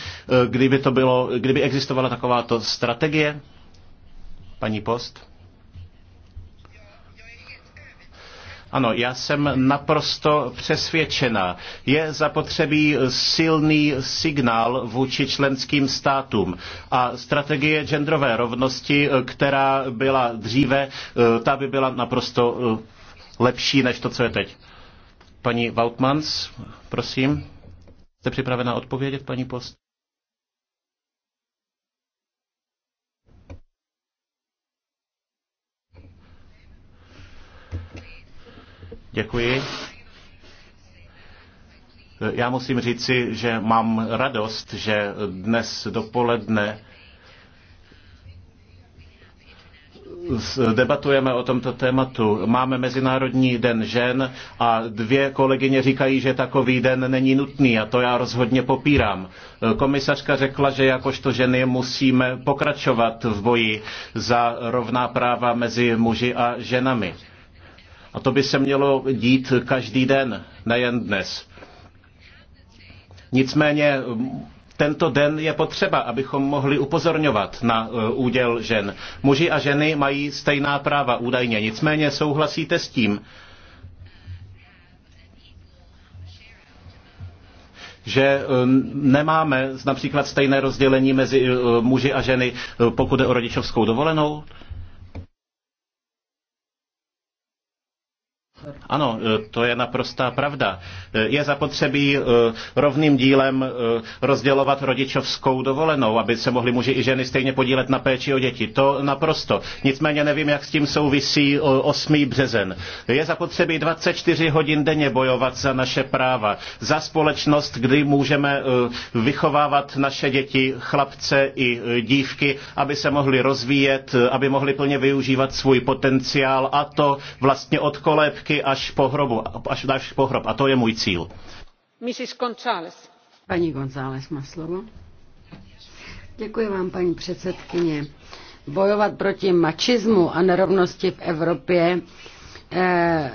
kdyby, to bylo, kdyby existovala takováto strategie? Paní Post? Ano, já jsem naprosto přesvědčena. Je zapotřebí silný signál vůči členským státům. A strategie genderové rovnosti, která byla dříve, eh, ta by byla naprosto eh, lepší než to, co je teď. Paní Vautmans, prosím. Jste připravena odpovědět, paní Post? Děkuji. Já musím říci, že mám radost, že dnes dopoledne debatujeme o tomto tématu. Máme Mezinárodní den žen a dvě kolegyně říkají, že takový den není nutný a to já rozhodně popírám. Komisařka řekla, že jakožto ženy musíme pokračovat v boji za rovná práva mezi muži a ženami. A to by se mělo dít každý den, nejen dnes. Nicméně tento den je potřeba, abychom mohli upozorňovat na e, úděl žen. Muži a ženy mají stejná práva údajně, nicméně souhlasíte s tím, že e, nemáme například stejné rozdělení mezi e, muži a ženy, pokud je o rodičovskou dovolenou? Ano, e, to je naprostá pravda. E, je zapotřebí e, rovným dílem rozdělovat rodičovskou dovolenou, aby se mohli muži i ženy stejně podílet na péči o děti. To naprosto. Nicméně nevím, jak s tím souvisí 8. březen. Je zapotřebí 24 hodin denně bojovat za naše práva, za společnost, kdy můžeme vychovávat naše děti, chlapce i dívky, aby se mohli rozvíjet, aby mohli plně využívat svůj potenciál a to vlastně od kolébky až po, hrobu, až, až po hrob. A to je můj cíl. Mrs. González. Paní González má slovo. Děkuji vám, paní předsedkyně. Bojovat proti mačismu a nerovnosti v Evropě eh,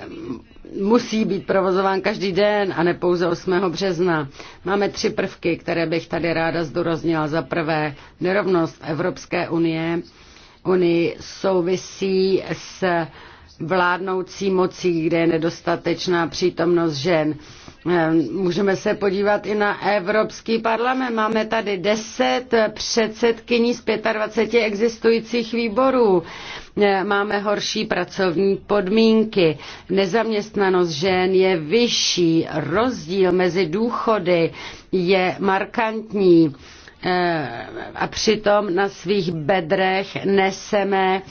musí být provozován každý den a ne pouze 8. března. Máme tři prvky, které bych tady ráda zdůraznila. Za prvé, nerovnost Evropské unie unii souvisí s vládnoucí mocí, kde je nedostatečná přítomnost žen. Ehm, můžeme se podívat i na Evropský parlament. Máme tady 10 předsedkyní z 25 existujících výborů. Ehm, máme horší pracovní podmínky. Nezaměstnanost žen je vyšší. Rozdíl mezi důchody je markantní. Ehm, a přitom na svých bedrech neseme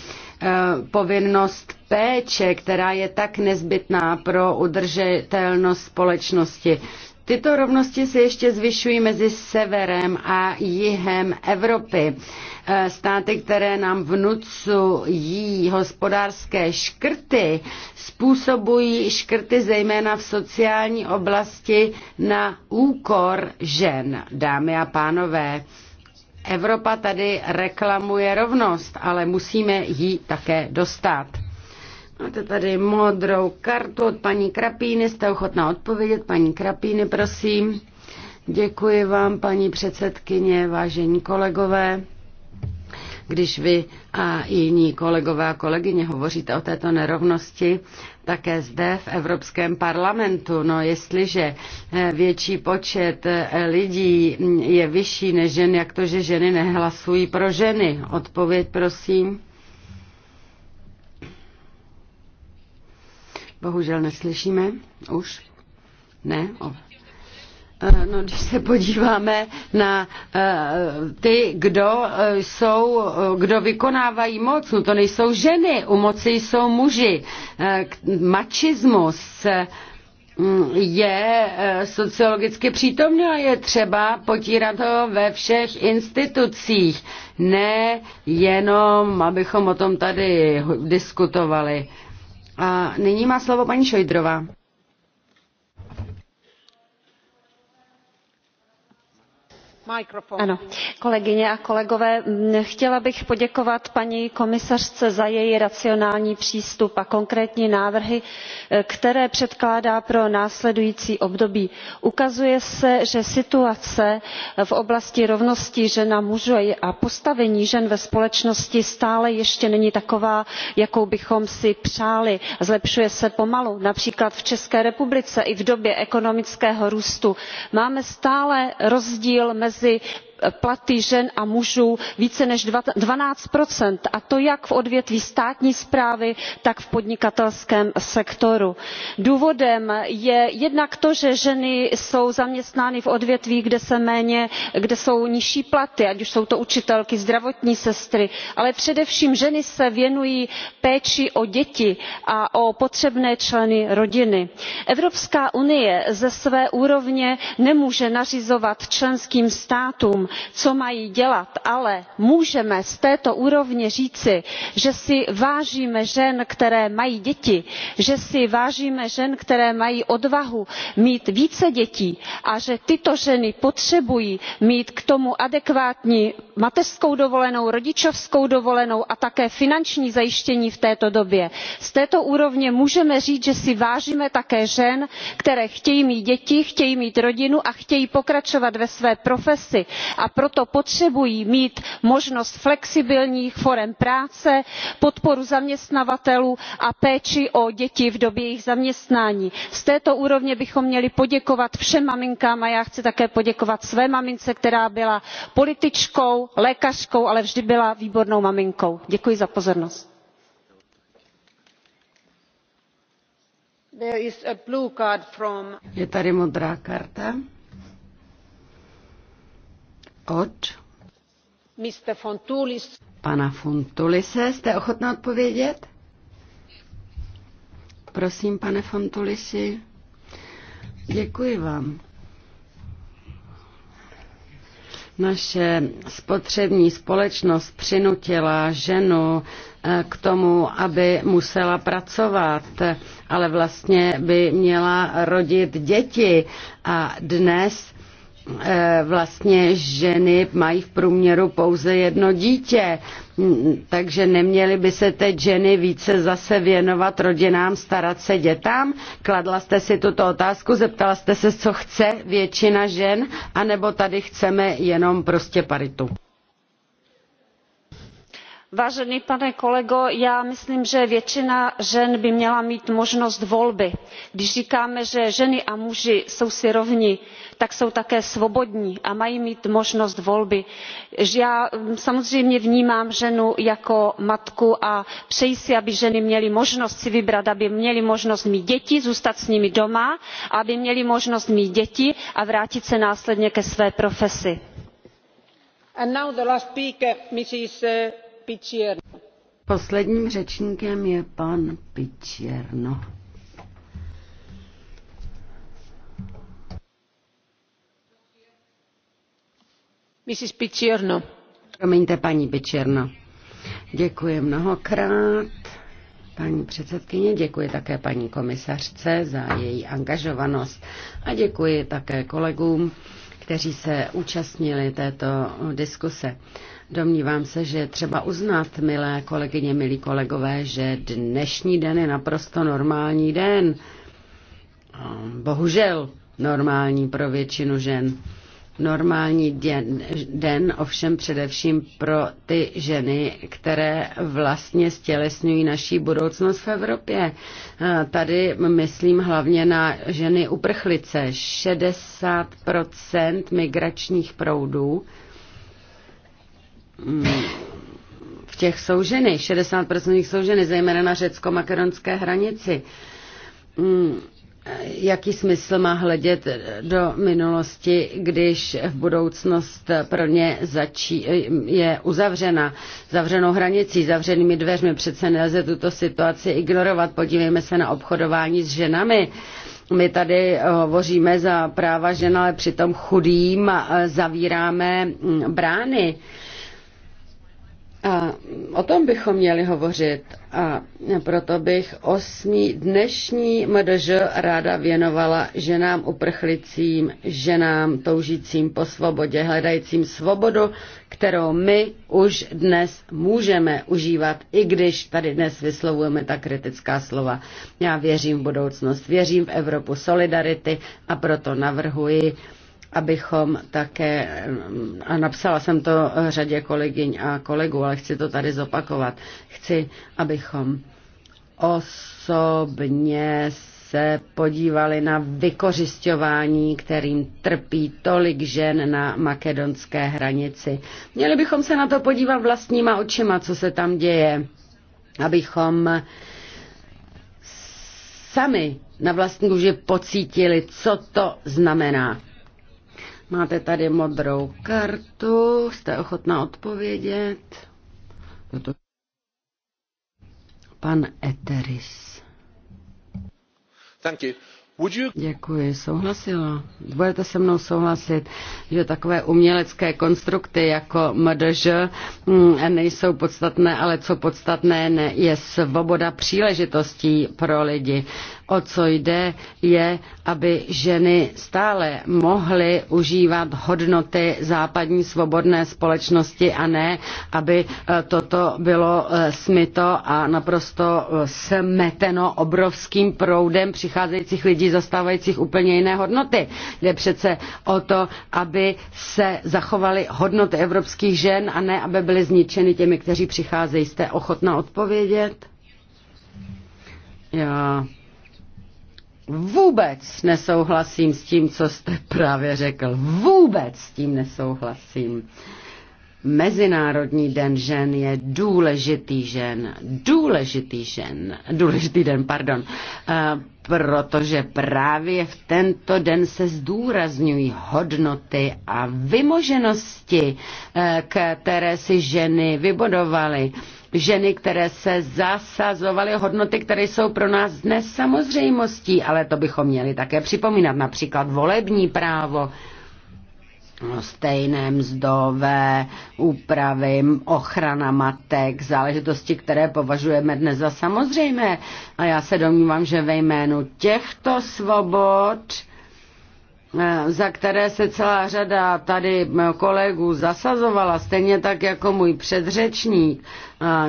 Eh, povinnost péče, která je tak nezbytná pro udržitelnost společnosti. Tyto rovnosti se ještě zvyšují mezi severem a jihem Evropy. Eh, státy, které nám vnucují hospodářské škrty, způsobují škrty zejména v sociální oblasti na úkor žen, dámy a pánové Evropa tady reklamuje rovnost, ale musíme ji také dostat. Máte tady modrou kartu od paní Krapíny, jste ochotná odpovědět. Paní Krapíny, prosím. Děkuji vám, paní předsedkyně, vážení kolegové. Když vy a jiní kolegové a kolegyně hovoříte o této nerovnosti, také zde v Evropském parlamentu. No jestliže eh, větší počet eh, lidí mm, je vyšší než žen, jak to, že ženy nehlasují pro ženy? Odpověď prosím. Bohužel neslyšíme už. Ne, o, Eh, no, když se podíváme na eh, ty, kdo eh, jsou, kdo vykonávají moc, no to nejsou ženy, u moci jsou muži. Mačismus je sociologicky přítomný a je třeba potírat ho ve všech institucích. Ne jenom, abychom o tom tady diskutovali. A nyní má slovo paní Šojdrová. kolegyně a kolegové chtěla bych poděkovat paní komisařce za její racionální přístup a konkrétní návrhy e, které předkládá pro následující období. ukazuje se že situace v oblasti rovnosti žen a mužů a postavení žen ve společnosti stále ještě není taková jakou bychom si přáli zlepšuje se pomalu. například v české republice i v době ekonomického růstu máme stále rozdíl mezi mezi platy žen a mužů více než twelve a to jak v odvětví státní správy tak v podnikatelském sektoru. důvodem je jednak to že ženy jsou zaměstnány v odvětvích kde jsou nižší platy ať už jsou to učitelky zdravotní sestry ale především ženy se věnují péči o děti a o potřebné členy rodiny. evropská unie ze své úrovně nemůže nařizovat členským státům co mají dělat ale můžeme z této úrovně říci že si vážíme žen které mají děti že si vážíme žen které mají odvahu mít více dětí a že tyto ženy potřebují mít k tomu adekvátní mateřskou dovolenou rodičovskou dovolenou a také finanční zajištění v této době. z této úrovně můžeme říct že si vážíme také žen které chtějí mít děti chtějí mít rodinu a chtějí pokračovat ve své profesi a proto potřebují mít možnost flexibilních forem práce podporu zaměstnavatelů a péči o děti v době jejich zaměstnání. z této úrovně bychom měli poděkovat všem maminkám a já chci také poděkovat své mamince která byla političkou lékařkou ale vždy byla výbornou maminkou. děkuji za pozornost. je tady modrá karta od pana Fontulise. Jste ochotná odpovědět? Prosím, pane Fontulisi. Děkuji vám. Naše spotřební společnost přinutila ženu eh, k tomu, aby musela pracovat, ale vlastně by měla rodit děti. A dnes Eh, vlastně ženy mají v průměru pouze jedno dítě, mm, takže neměly by se teď ženy více zase věnovat rodinám, starat se dětám? Kladla jste si tuto otázku, zeptala jste se, co chce většina žen, anebo tady chceme jenom prostě paritu? vážený pane kolego já myslím že většina žen by měla mít možnost volby. když říkáme že ženy a muži jsou si rovni tak jsou také svobodní a mají mít možnost volby. já mm, samozřejmě vnímám ženu jako matku a přeji si aby ženy měly možnost si vybrat aby měly možnost mít děti zůstat s nimi doma a aby měly možnost mít děti a vrátit se následně ke své profesi. Posledním řečníkem je pan Pičierno. Mrs. Pičierno. Promiňte, paní Pičierno. Děkuji mnohokrát. Paní předsedkyně, děkuji také paní komisařce za její angažovanost a děkuji také kolegům, kteří se účastnili této diskuse. Domnívám se, že třeba uznat, milé kolegyně, milí kolegové, že dnešní den je naprosto normální den. Bohužel normální pro většinu žen. Normální den, den ovšem především pro ty ženy, které vlastně stělesňují naší budoucnost v Evropě. Tady myslím hlavně na ženy uprchlice. 60% migračních proudů Mm, v těch souženech, 60% souženy, zejména na řecko-makedonské hranici. Mm, jaký smysl má hledět do minulosti, když v budoucnost pro ně začí, je uzavřena, zavřenou hranicí, zavřenými dveřmi? Přece nelze tuto situaci ignorovat. Podívejme se na obchodování s ženami. My tady hovoříme za práva žen, ale přitom chudým zavíráme brány. A o tom bychom měli hovořit a proto bych osmý dnešní MDŽ ráda věnovala ženám uprchlicím, ženám toužícím po svobodě, hledajícím svobodu, kterou my už dnes můžeme užívat, i když tady dnes vyslovujeme ta kritická slova. Já věřím v budoucnost, věřím v Evropu solidarity a proto navrhuji abychom také, a napsala jsem to řadě kolegyň a kolegů, ale chci to tady zopakovat, chci, abychom osobně se podívali na vykořišťování, kterým trpí tolik žen na makedonské hranici. Měli bychom se na to podívat vlastníma očima, co se tam děje, abychom sami na vlastní kůži pocítili, co to znamená Máte tady modrou kartu, jste ochotná odpovědět? Toto. Pan Eteris. Thank you. Would you... Děkuji, souhlasila. Budete se mnou souhlasit, že takové umělecké konstrukty jako MDŽ mm, nejsou podstatné, ale co podstatné je svoboda příležitostí pro lidi. O co jde, je, aby ženy stále mohly užívat hodnoty západní svobodné společnosti a ne, aby eh, toto bylo eh, smyto a naprosto eh, smeteno obrovským proudem přicházejících lidí zastávajících úplně jiné hodnoty. Jde přece o to, aby se zachovaly hodnoty evropských žen a ne, aby byly zničeny těmi, kteří přicházejí. Jste ochotna odpovědět? Já Vůbec nesouhlasím s tím, co jste právě řekl. Vůbec s tím nesouhlasím. Mezinárodní den žen je důležitý žen, důležitý žen, důležitý den, pardon, eh, protože právě v tento den se zdůrazňují hodnoty a vymoženosti, eh, které si ženy vybodovaly ženy, které se zasazovaly hodnoty, které jsou pro nás dnes samozřejmostí, ale to bychom měli také připomínat, například volební právo, stejné mzdové úpravy, ochrana matek, záležitosti, které považujeme dnes za samozřejmé. A já se domnívám, že ve jménu těchto svobod Eh, za které se celá řada tady eh, kolegů zasazovala, stejně tak jako můj předřečník,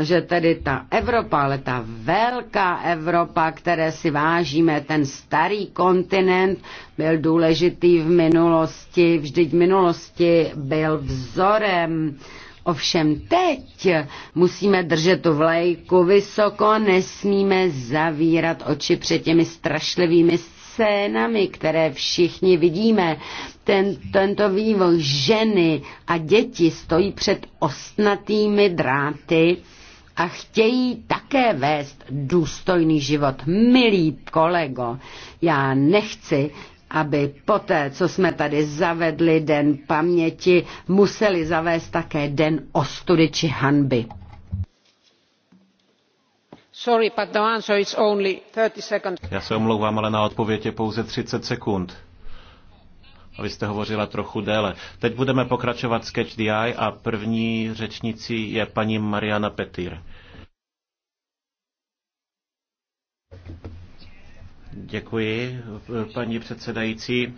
eh, že tedy ta Evropa, ale ta velká Evropa, které si vážíme, ten starý kontinent, byl důležitý v minulosti, vždyť v minulosti byl vzorem Ovšem teď musíme držet tu vlajku vysoko, nesmíme zavírat oči před těmi strašlivými scénami, které všichni vidíme. Ten, tento vývoj ženy a děti stojí před ostnatými dráty a chtějí také vést důstojný život. Milý kolego, já nechci, aby poté, co jsme tady zavedli den paměti, museli zavést také den ostudy či hanby. Já se omlouvám, ale na odpověď je pouze 30 sekund. A vy jste hovořila trochu déle. Teď budeme pokračovat Sketch eye a první řečnicí je paní Mariana petir Děkuji, paní předsedající.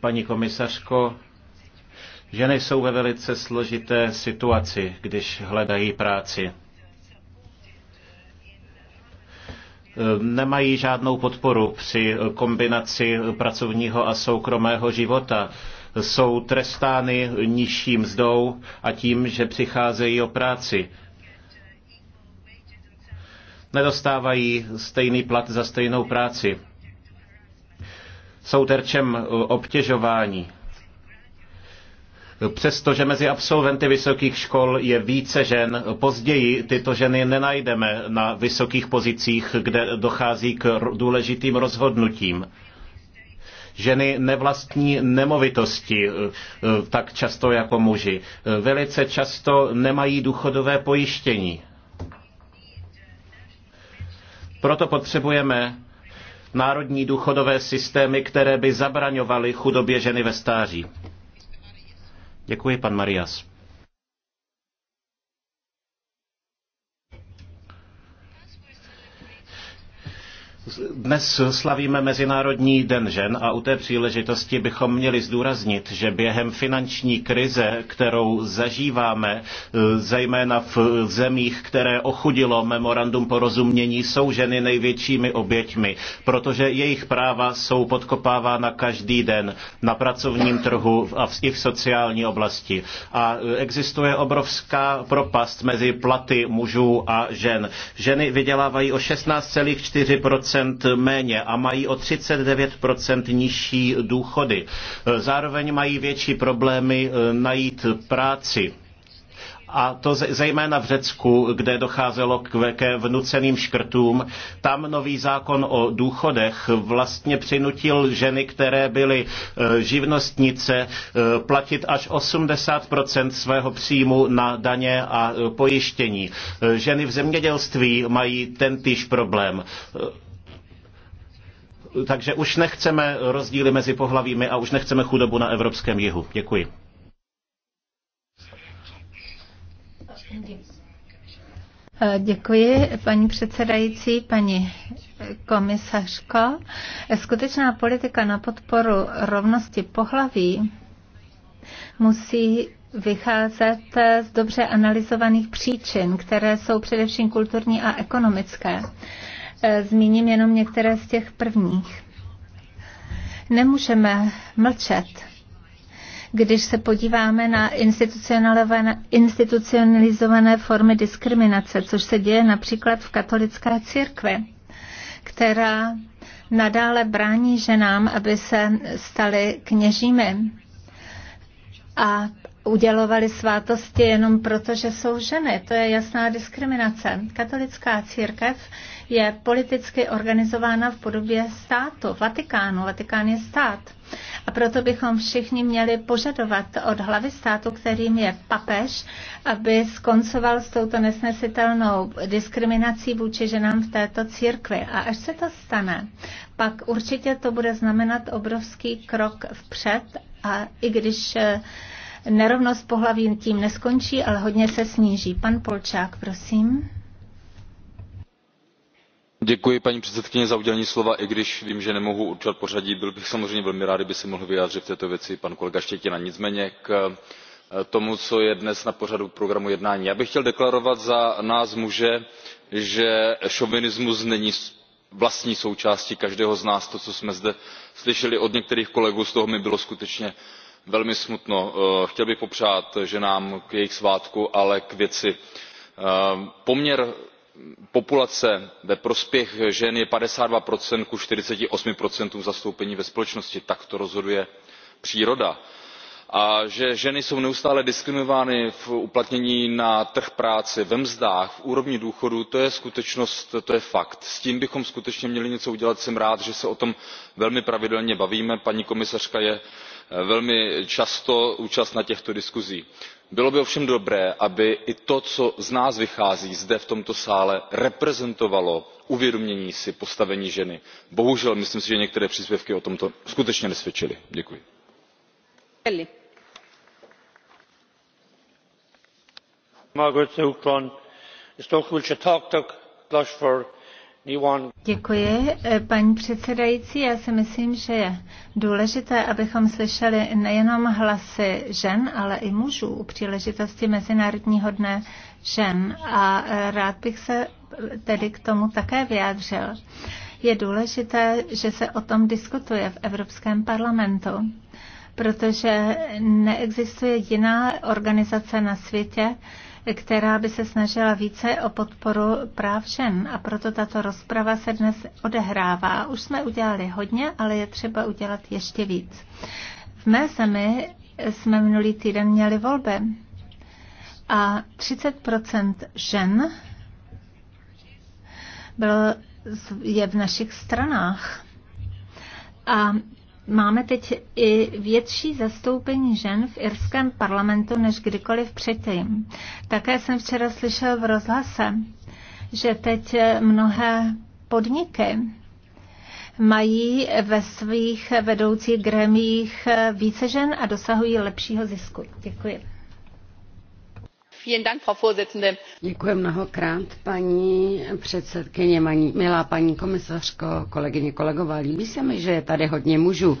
Paní komisařko, ženy jsou ve velice složité situaci, když hledají práci. nemají žádnou podporu při kombinaci pracovního a soukromého života. Jsou trestány nižší mzdou a tím, že přicházejí o práci. Nedostávají stejný plat za stejnou práci. Jsou terčem obtěžování Přestože mezi absolventy vysokých škol je více žen, později tyto ženy nenajdeme na vysokých pozicích, kde dochází k důležitým rozhodnutím ženy nevlastní nemovitosti eh, eh, tak často jako muži. Eh, velice často nemají důchodové pojištění. Proto potřebujeme národní důchodové systémy, které by zabraňovaly chudobě ženy ve stáří. Děkuji, pan Marias. Dnes slavíme Mezinárodní den žen a u té příležitosti bychom měli zdůraznit, že během finanční krize, kterou zažíváme, eh, zejména v zemích, které ochudilo memorandum porozumění, jsou ženy největšími oběťmi, protože jejich práva jsou podkopávána každý den na pracovním trhu a i v sociální oblasti. A eh, existuje obrovská propast mezi platy mužů a žen. Ženy vydělávají o 16,4 méně a mají o 39 nižší důchody. Zároveň mají větší problémy eh, najít práci a to zejména v Řecku, kde docházelo k, ke vnuceným škrtům. Tam nový zákon o důchodech vlastně přinutil ženy, které byly eh, živnostnice, eh, platit až 80% svého příjmu na daně a pojištění. Ženy v zemědělství mají tentýž problém takže už nechceme rozdíly mezi pohlavími a už nechceme chudobu na evropském jihu. Děkuji. Děkuji, paní předsedající, paní komisařko. Skutečná politika na podporu rovnosti pohlaví musí vycházet z dobře analyzovaných příčin, které jsou především kulturní a ekonomické. Eh, zmíním jenom některé z těch prvních. Nemůžeme mlčet když se podíváme na institucionalizované formy diskriminace, což se děje například v katolické církvi, která nadále brání ženám, aby se staly kněžími a udělovali svátosti jenom proto, že jsou ženy. To je jasná diskriminace. Katolická církev je politicky organizována v podobě státu, Vatikánu. Vatikán je stát. A proto bychom všichni měli požadovat od hlavy státu, kterým je papež, aby skoncoval s touto nesnesitelnou diskriminací vůči ženám v této církvi. A až se to stane, pak určitě to bude znamenat obrovský krok vpřed a i když eh, nerovnost pohlaví tím neskončí, ale hodně se sníží. Pan Polčák, prosím. Děkuji paní slova. i když vím že nemohu určovat pořadí byl bych samozřejmě velmi rád kdyby se mohl vyjádřit v této věci pan kolega štětina. nicméně k eh, tomu co je dnes na pořadu programu jednání. já bych chtěl deklarovat za nás muže že šovinismus není vlastní součástí každého z nás. to co jsme zde slyšeli od některých kolegů z toho mi bylo skutečně velmi smutno eh, chtěl bych popřát ženám k jejich svátku ale k věci. Eh, poměr populace ve prospěch žen je fifty two ku forty eight zastoupení ve společnosti tak to rozhoduje příroda. a že ženy jsou neustále diskriminovány v uplatnění na trh práce ve mzdách v úrovni důchodů to je skutečnost to je fakt. s tím bychom skutečně měli něco udělat. jsem rád že se o tom velmi pravidelně bavíme paní komisařka je velmi často účast na těchto diskusích. bylo by ovšem dobré aby i to co z nás vychází zde v tomto sále reprezentovalo uvědomění si postavení ženy. bohužel myslím si že některé příspěvky o tomto skutečně nesvědčily. děkuji. margaret Děkuji, eh, paní předsedající. Já si myslím, že je důležité, abychom slyšeli nejenom hlasy žen, ale i mužů u příležitosti Mezinárodního dne žen. A eh, rád bych se tedy k tomu také vyjádřil. Je důležité, že se o tom diskutuje v Evropském parlamentu protože neexistuje jiná organizace na světě, která by se snažila více o podporu práv žen a proto tato rozprava se dnes odehrává. Už jsme udělali hodně, ale je třeba udělat ještě víc. V mé zemi jsme minulý týden měli volby a 30% žen bylo, je v našich stranách. A Máme teď i větší zastoupení žen v irském parlamentu než kdykoliv předtím. Také jsem včera slyšel v rozhlase, že teď mnohé podniky mají ve svých vedoucích gremích více žen a dosahují lepšího zisku. Děkuji. Děkuji mnohokrát, paní předsedkyně, milá paní komisařko, kolegyně, kolegové. Líbí se mi, že je tady hodně mužů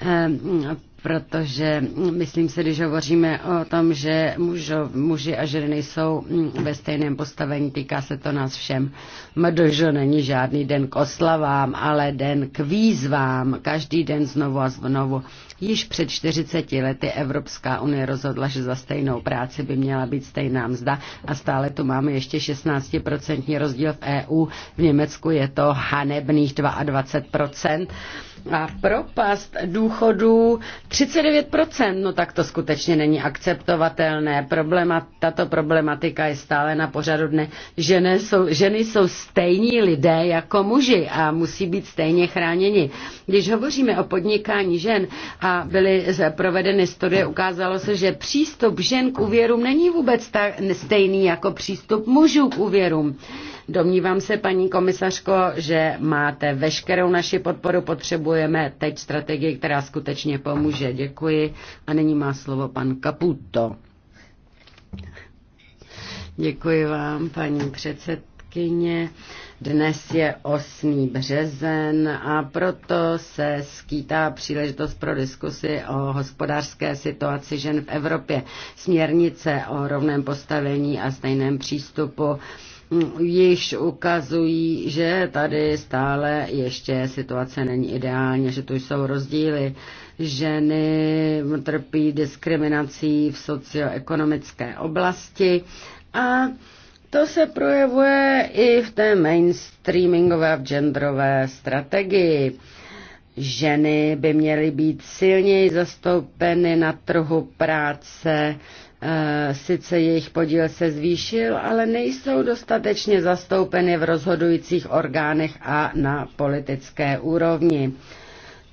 ehm, protože myslím si, když hovoříme o tom, že mužo, muži a ženy nejsou ve stejném postavení, týká se to nás všem. Mdožo není žádný den k oslavám, ale den k výzvám, každý den znovu a znovu. Již před 40 lety Evropská unie rozhodla, že za stejnou práci by měla být stejná mzda a stále tu máme ještě 16% rozdíl v EU. V Německu je to hanebných 22%. A propast důchodů 39%, no tak to skutečně není akceptovatelné. Problema, tato problematika je stále na pořadu dne. Ženy jsou, ženy jsou stejní lidé jako muži a musí být stejně chráněni. Když hovoříme o podnikání žen a byly provedeny studie, ukázalo se, že přístup žen k úvěrům není vůbec tak stejný jako přístup mužů k úvěrům. Domnívám se, paní komisařko, že máte veškerou naši podporu. Potřebujeme teď strategii, která skutečně pomůže. Děkuji. A nyní má slovo pan Caputo. Děkuji vám, paní předsedkyně. Dnes je 8. březen a proto se skýtá příležitost pro diskusi o hospodářské situaci žen v Evropě. Směrnice o rovném postavení a stejném přístupu již ukazují, že tady stále ještě situace není ideální, že tu jsou rozdíly. Ženy trpí diskriminací v socioekonomické oblasti a to se projevuje i v té mainstreamingové a genderové strategii. Ženy by měly být silněji zastoupeny na trhu práce, Eh, sice jejich podíl se zvýšil, ale nejsou dostatečně zastoupeny v rozhodujících orgánech a na politické úrovni.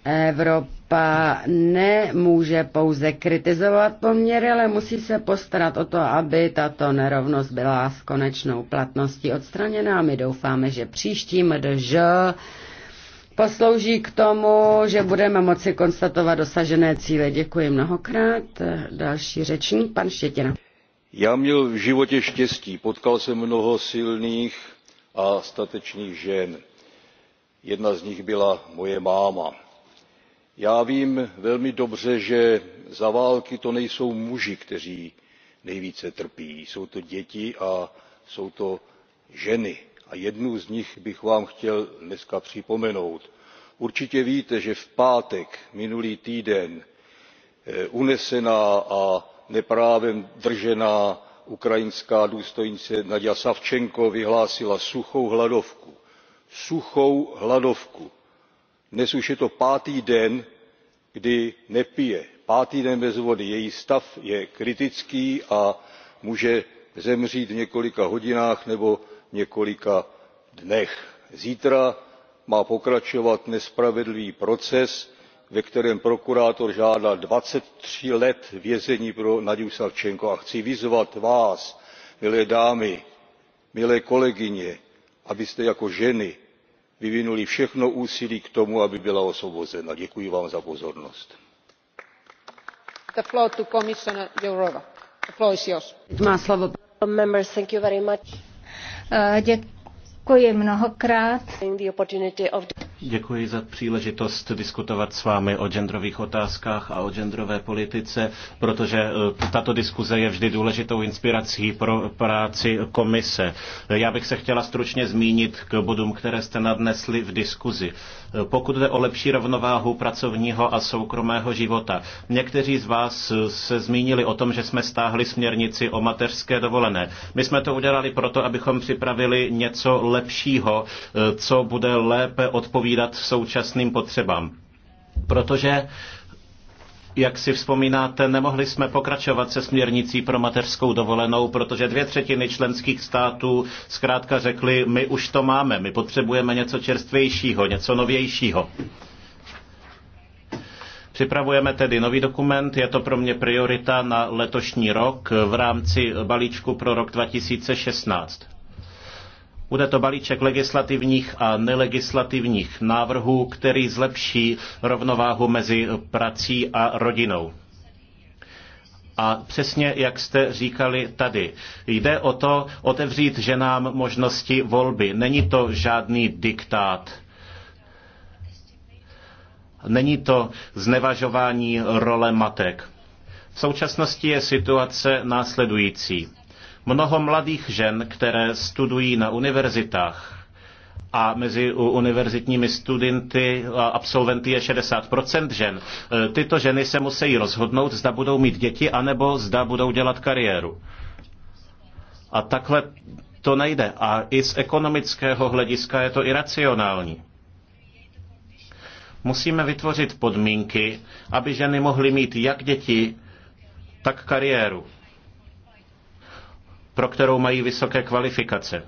Evropa nemůže pouze kritizovat poměry, ale musí se postarat o to, aby tato nerovnost byla s konečnou platností odstraněná. My doufáme, že příští MDŽ poslouží k tomu, že budeme moci konstatovat dosažené cíle. Děkuji mnohokrát. Další řečník, pan Štětina. Já měl v životě štěstí. Potkal jsem mnoho silných a statečných žen. Jedna z nich byla moje máma. Já vím velmi dobře, že za války to nejsou muži, kteří nejvíce trpí. Jsou to děti a jsou to ženy a jednu z nich bych vám chtěl dnes připomenout. určitě víte že v pátek minulý týden eh, unesená a neprávem držená ukrajinská důstojnice naďa savčenková vyhlásila suchou hladovku. suchou hladovku. dnes už je to pátý den kdy nepije pátý den bez vody. její stav je kritický a může zemřít v několika hodinách nebo několika dnech. zítra má pokračovat nespravedlivý proces ve kterém prokurátor žádá twenty three let vězení pro nadiyu savčenkovou. a chci vyzvat vás milé dámy milé kolegyně abyste jako ženy vyvinuly všechno úsilí k tomu aby byla osvobozena. děkuji vám za pozornost. Eh, děkuji mnohokrát. Děkuji za příležitost diskutovat s vámi o genderových otázkách a o genderové politice, protože e, tato diskuze je vždy důležitou inspirací pro práci komise. Já bych se chtěla stručně zmínit k bodům, které jste nadnesli v diskuzi. E, pokud jde o lepší rovnováhu pracovního a soukromého života, někteří z vás se zmínili o tom, že jsme stáhli směrnici o mateřské dovolené. My jsme to udělali proto, abychom připravili něco lepšího, e, co bude lépe odpovídat odpovídat současným potřebám. Protože jak si vzpomínáte, nemohli jsme pokračovat se směrnicí pro mateřskou dovolenou, protože dvě třetiny členských států zkrátka řekly, my už to máme, my potřebujeme něco čerstvějšího, něco novějšího. Připravujeme tedy nový dokument, je to pro mě priorita na letošní rok v rámci balíčku pro rok 2016. Bude to balíček legislativních a nelegislativních návrhů, který zlepší rovnováhu mezi prací a rodinou. A přesně jak jste říkali tady, jde o to otevřít ženám možnosti volby. Není to žádný diktát. Není to znevažování role matek. V současnosti je situace následující. Mnoho mladých žen, které studují na univerzitách, a mezi univerzitními studenty a absolventy je 60% žen. E, tyto ženy se musí rozhodnout, zda budou mít děti, anebo zda budou dělat kariéru. A takhle to nejde. A i z ekonomického hlediska je to iracionální. Musíme vytvořit podmínky, aby ženy mohly mít jak děti, tak kariéru pro kterou mají vysoké kvalifikace.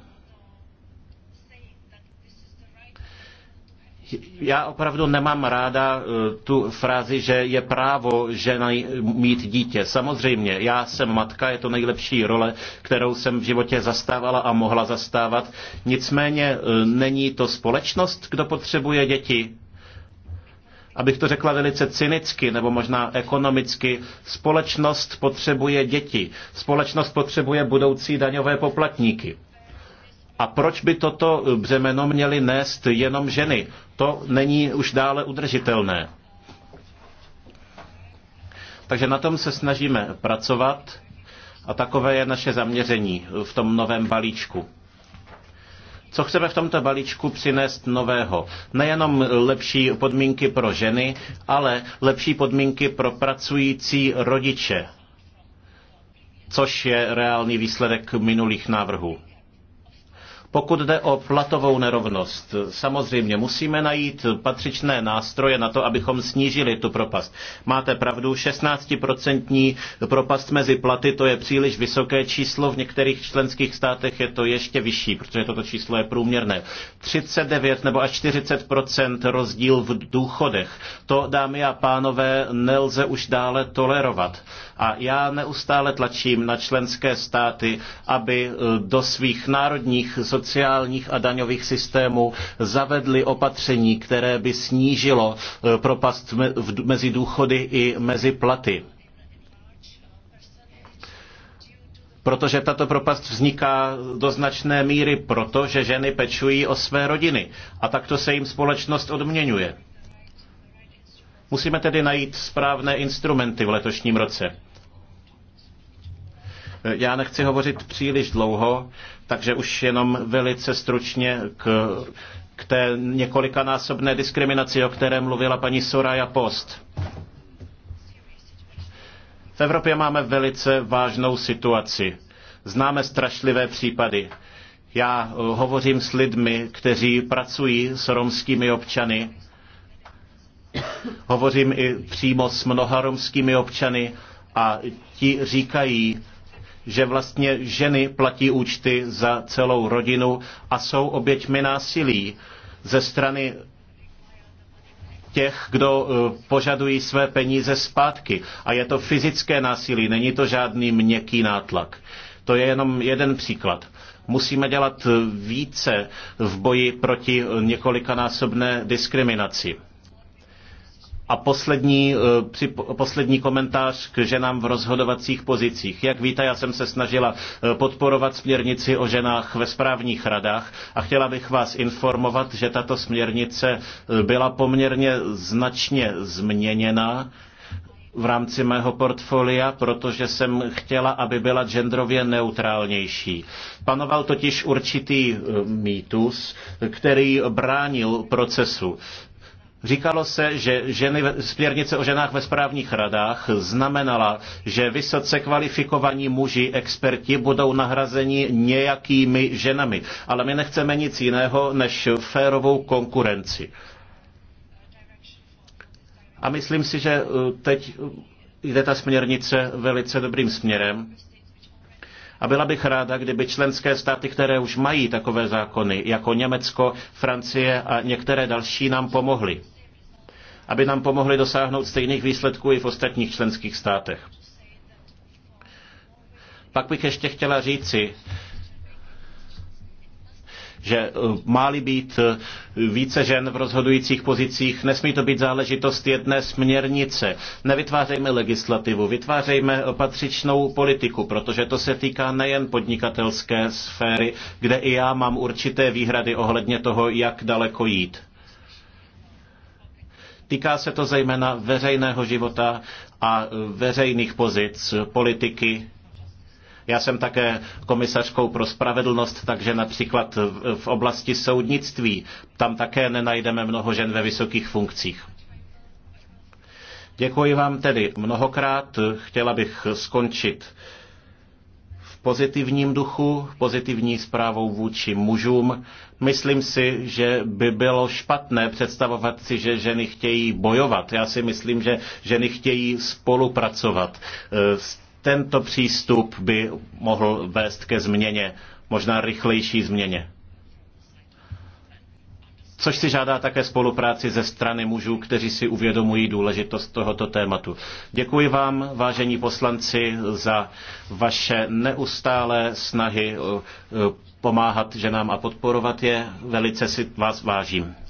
já opravdu nemám ráda eh, tu frázi, že je právo žena mít dítě. Samozřejmě, já jsem matka, je to nejlepší role, kterou jsem v životě zastávala a mohla zastávat. Nicméně eh, není to společnost, kdo potřebuje děti abych to řekla velice cynicky nebo možná ekonomicky, společnost potřebuje děti, společnost potřebuje budoucí daňové poplatníky. A proč by toto břemeno měly nést jenom ženy? To není už dále udržitelné. Takže na tom se snažíme pracovat a takové je naše zaměření v tom novém balíčku. Co chceme v tomto balíčku přinést nového? Nejenom lepší podmínky pro ženy, ale lepší podmínky pro pracující rodiče, což je reálný výsledek minulých návrhů. Pokud jde o platovou nerovnost, samozřejmě musíme najít patřičné nástroje na to, abychom snížili tu propast. Máte pravdu, 16% propast mezi platy, to je příliš vysoké číslo, v některých členských státech je to ještě vyšší, protože toto číslo je průměrné. 39 nebo až 40% rozdíl v důchodech. To, dámy a pánové, nelze už dále tolerovat. A já neustále tlačím na členské státy, aby eh, do svých národních sociálních sociálních a daňových systémů zavedli opatření, které by snížilo e, propast mezi důchody i mezi platy. protože tato propast vzniká do značné míry proto, že ženy pečují o své rodiny a takto se jim společnost odměňuje. Musíme tedy najít správné instrumenty v letošním roce. Já nechci hovořit příliš dlouho, takže už jenom velice stručně k, k té několikanásobné diskriminaci, o které mluvila paní Soraya Post. V Evropě máme velice vážnou situaci. Známe strašlivé případy. Já eh, hovořím s lidmi, kteří pracují s romskými občany. Hovořím i přímo s mnoha romskými občany a ti říkají, že vlastně ženy platí účty za celou rodinu a jsou oběťmi násilí ze strany těch, kdo eh, požadují své peníze zpátky. A je to fyzické násilí, není to žádný měkký nátlak. To je jenom jeden příklad. Musíme dělat eh, více v boji proti eh, několikanásobné diskriminaci. A poslední, eh, poslední komentář k ženám v rozhodovacích pozicích. Jak víte, já jsem se snažila eh, podporovat směrnici o ženách ve správních radách a chtěla bych vás informovat, že tato směrnice eh, byla poměrně značně změněna v rámci mého portfolia, protože jsem chtěla, aby byla genderově neutrálnější. Panoval totiž určitý mýtus, který bránil procesu. Říkalo se, že ženy, směrnice o ženách ve správních radách znamenala, že vysoce kvalifikovaní muži, experti budou nahrazeni nějakými ženami. Ale my nechceme nic jiného než férovou konkurenci. A myslím si, že eh, teď eh, jde ta směrnice velice dobrým směrem. A byla bych ráda, kdyby členské státy, které už mají takové zákony, jako Německo, Francie a některé další, nám pomohly aby nám pomohly dosáhnout stejných výsledků i v ostatních členských státech. Pak bych ještě chtěla říci, že eh, máli být eh, více žen v rozhodujících pozicích, nesmí to být záležitost jedné směrnice. Nevytvářejme legislativu, vytvářejme patřičnou politiku, protože to se týká nejen podnikatelské sféry, kde i já mám určité výhrady ohledně toho, jak daleko jít. Týká se to zejména veřejného života a e, veřejných pozic, politiky. Já jsem také komisařkou pro spravedlnost, takže například v oblasti soudnictví tam také nenajdeme mnoho žen ve vysokých funkcích. Děkuji vám tedy mnohokrát. Chtěla bych skončit pozitivním duchu, pozitivní zprávou vůči mužům. Myslím si, že by bylo špatné představovat si, že ženy chtějí bojovat. Já si myslím, že ženy chtějí spolupracovat. Eh, tento přístup by mohl vést ke změně, možná rychlejší změně což si žádá také spolupráci ze strany mužů, kteří si uvědomují důležitost tohoto tématu. Děkuji vám, vážení poslanci, za vaše neustálé snahy eh, eh, pomáhat ženám a podporovat je. Velice si vás vážím.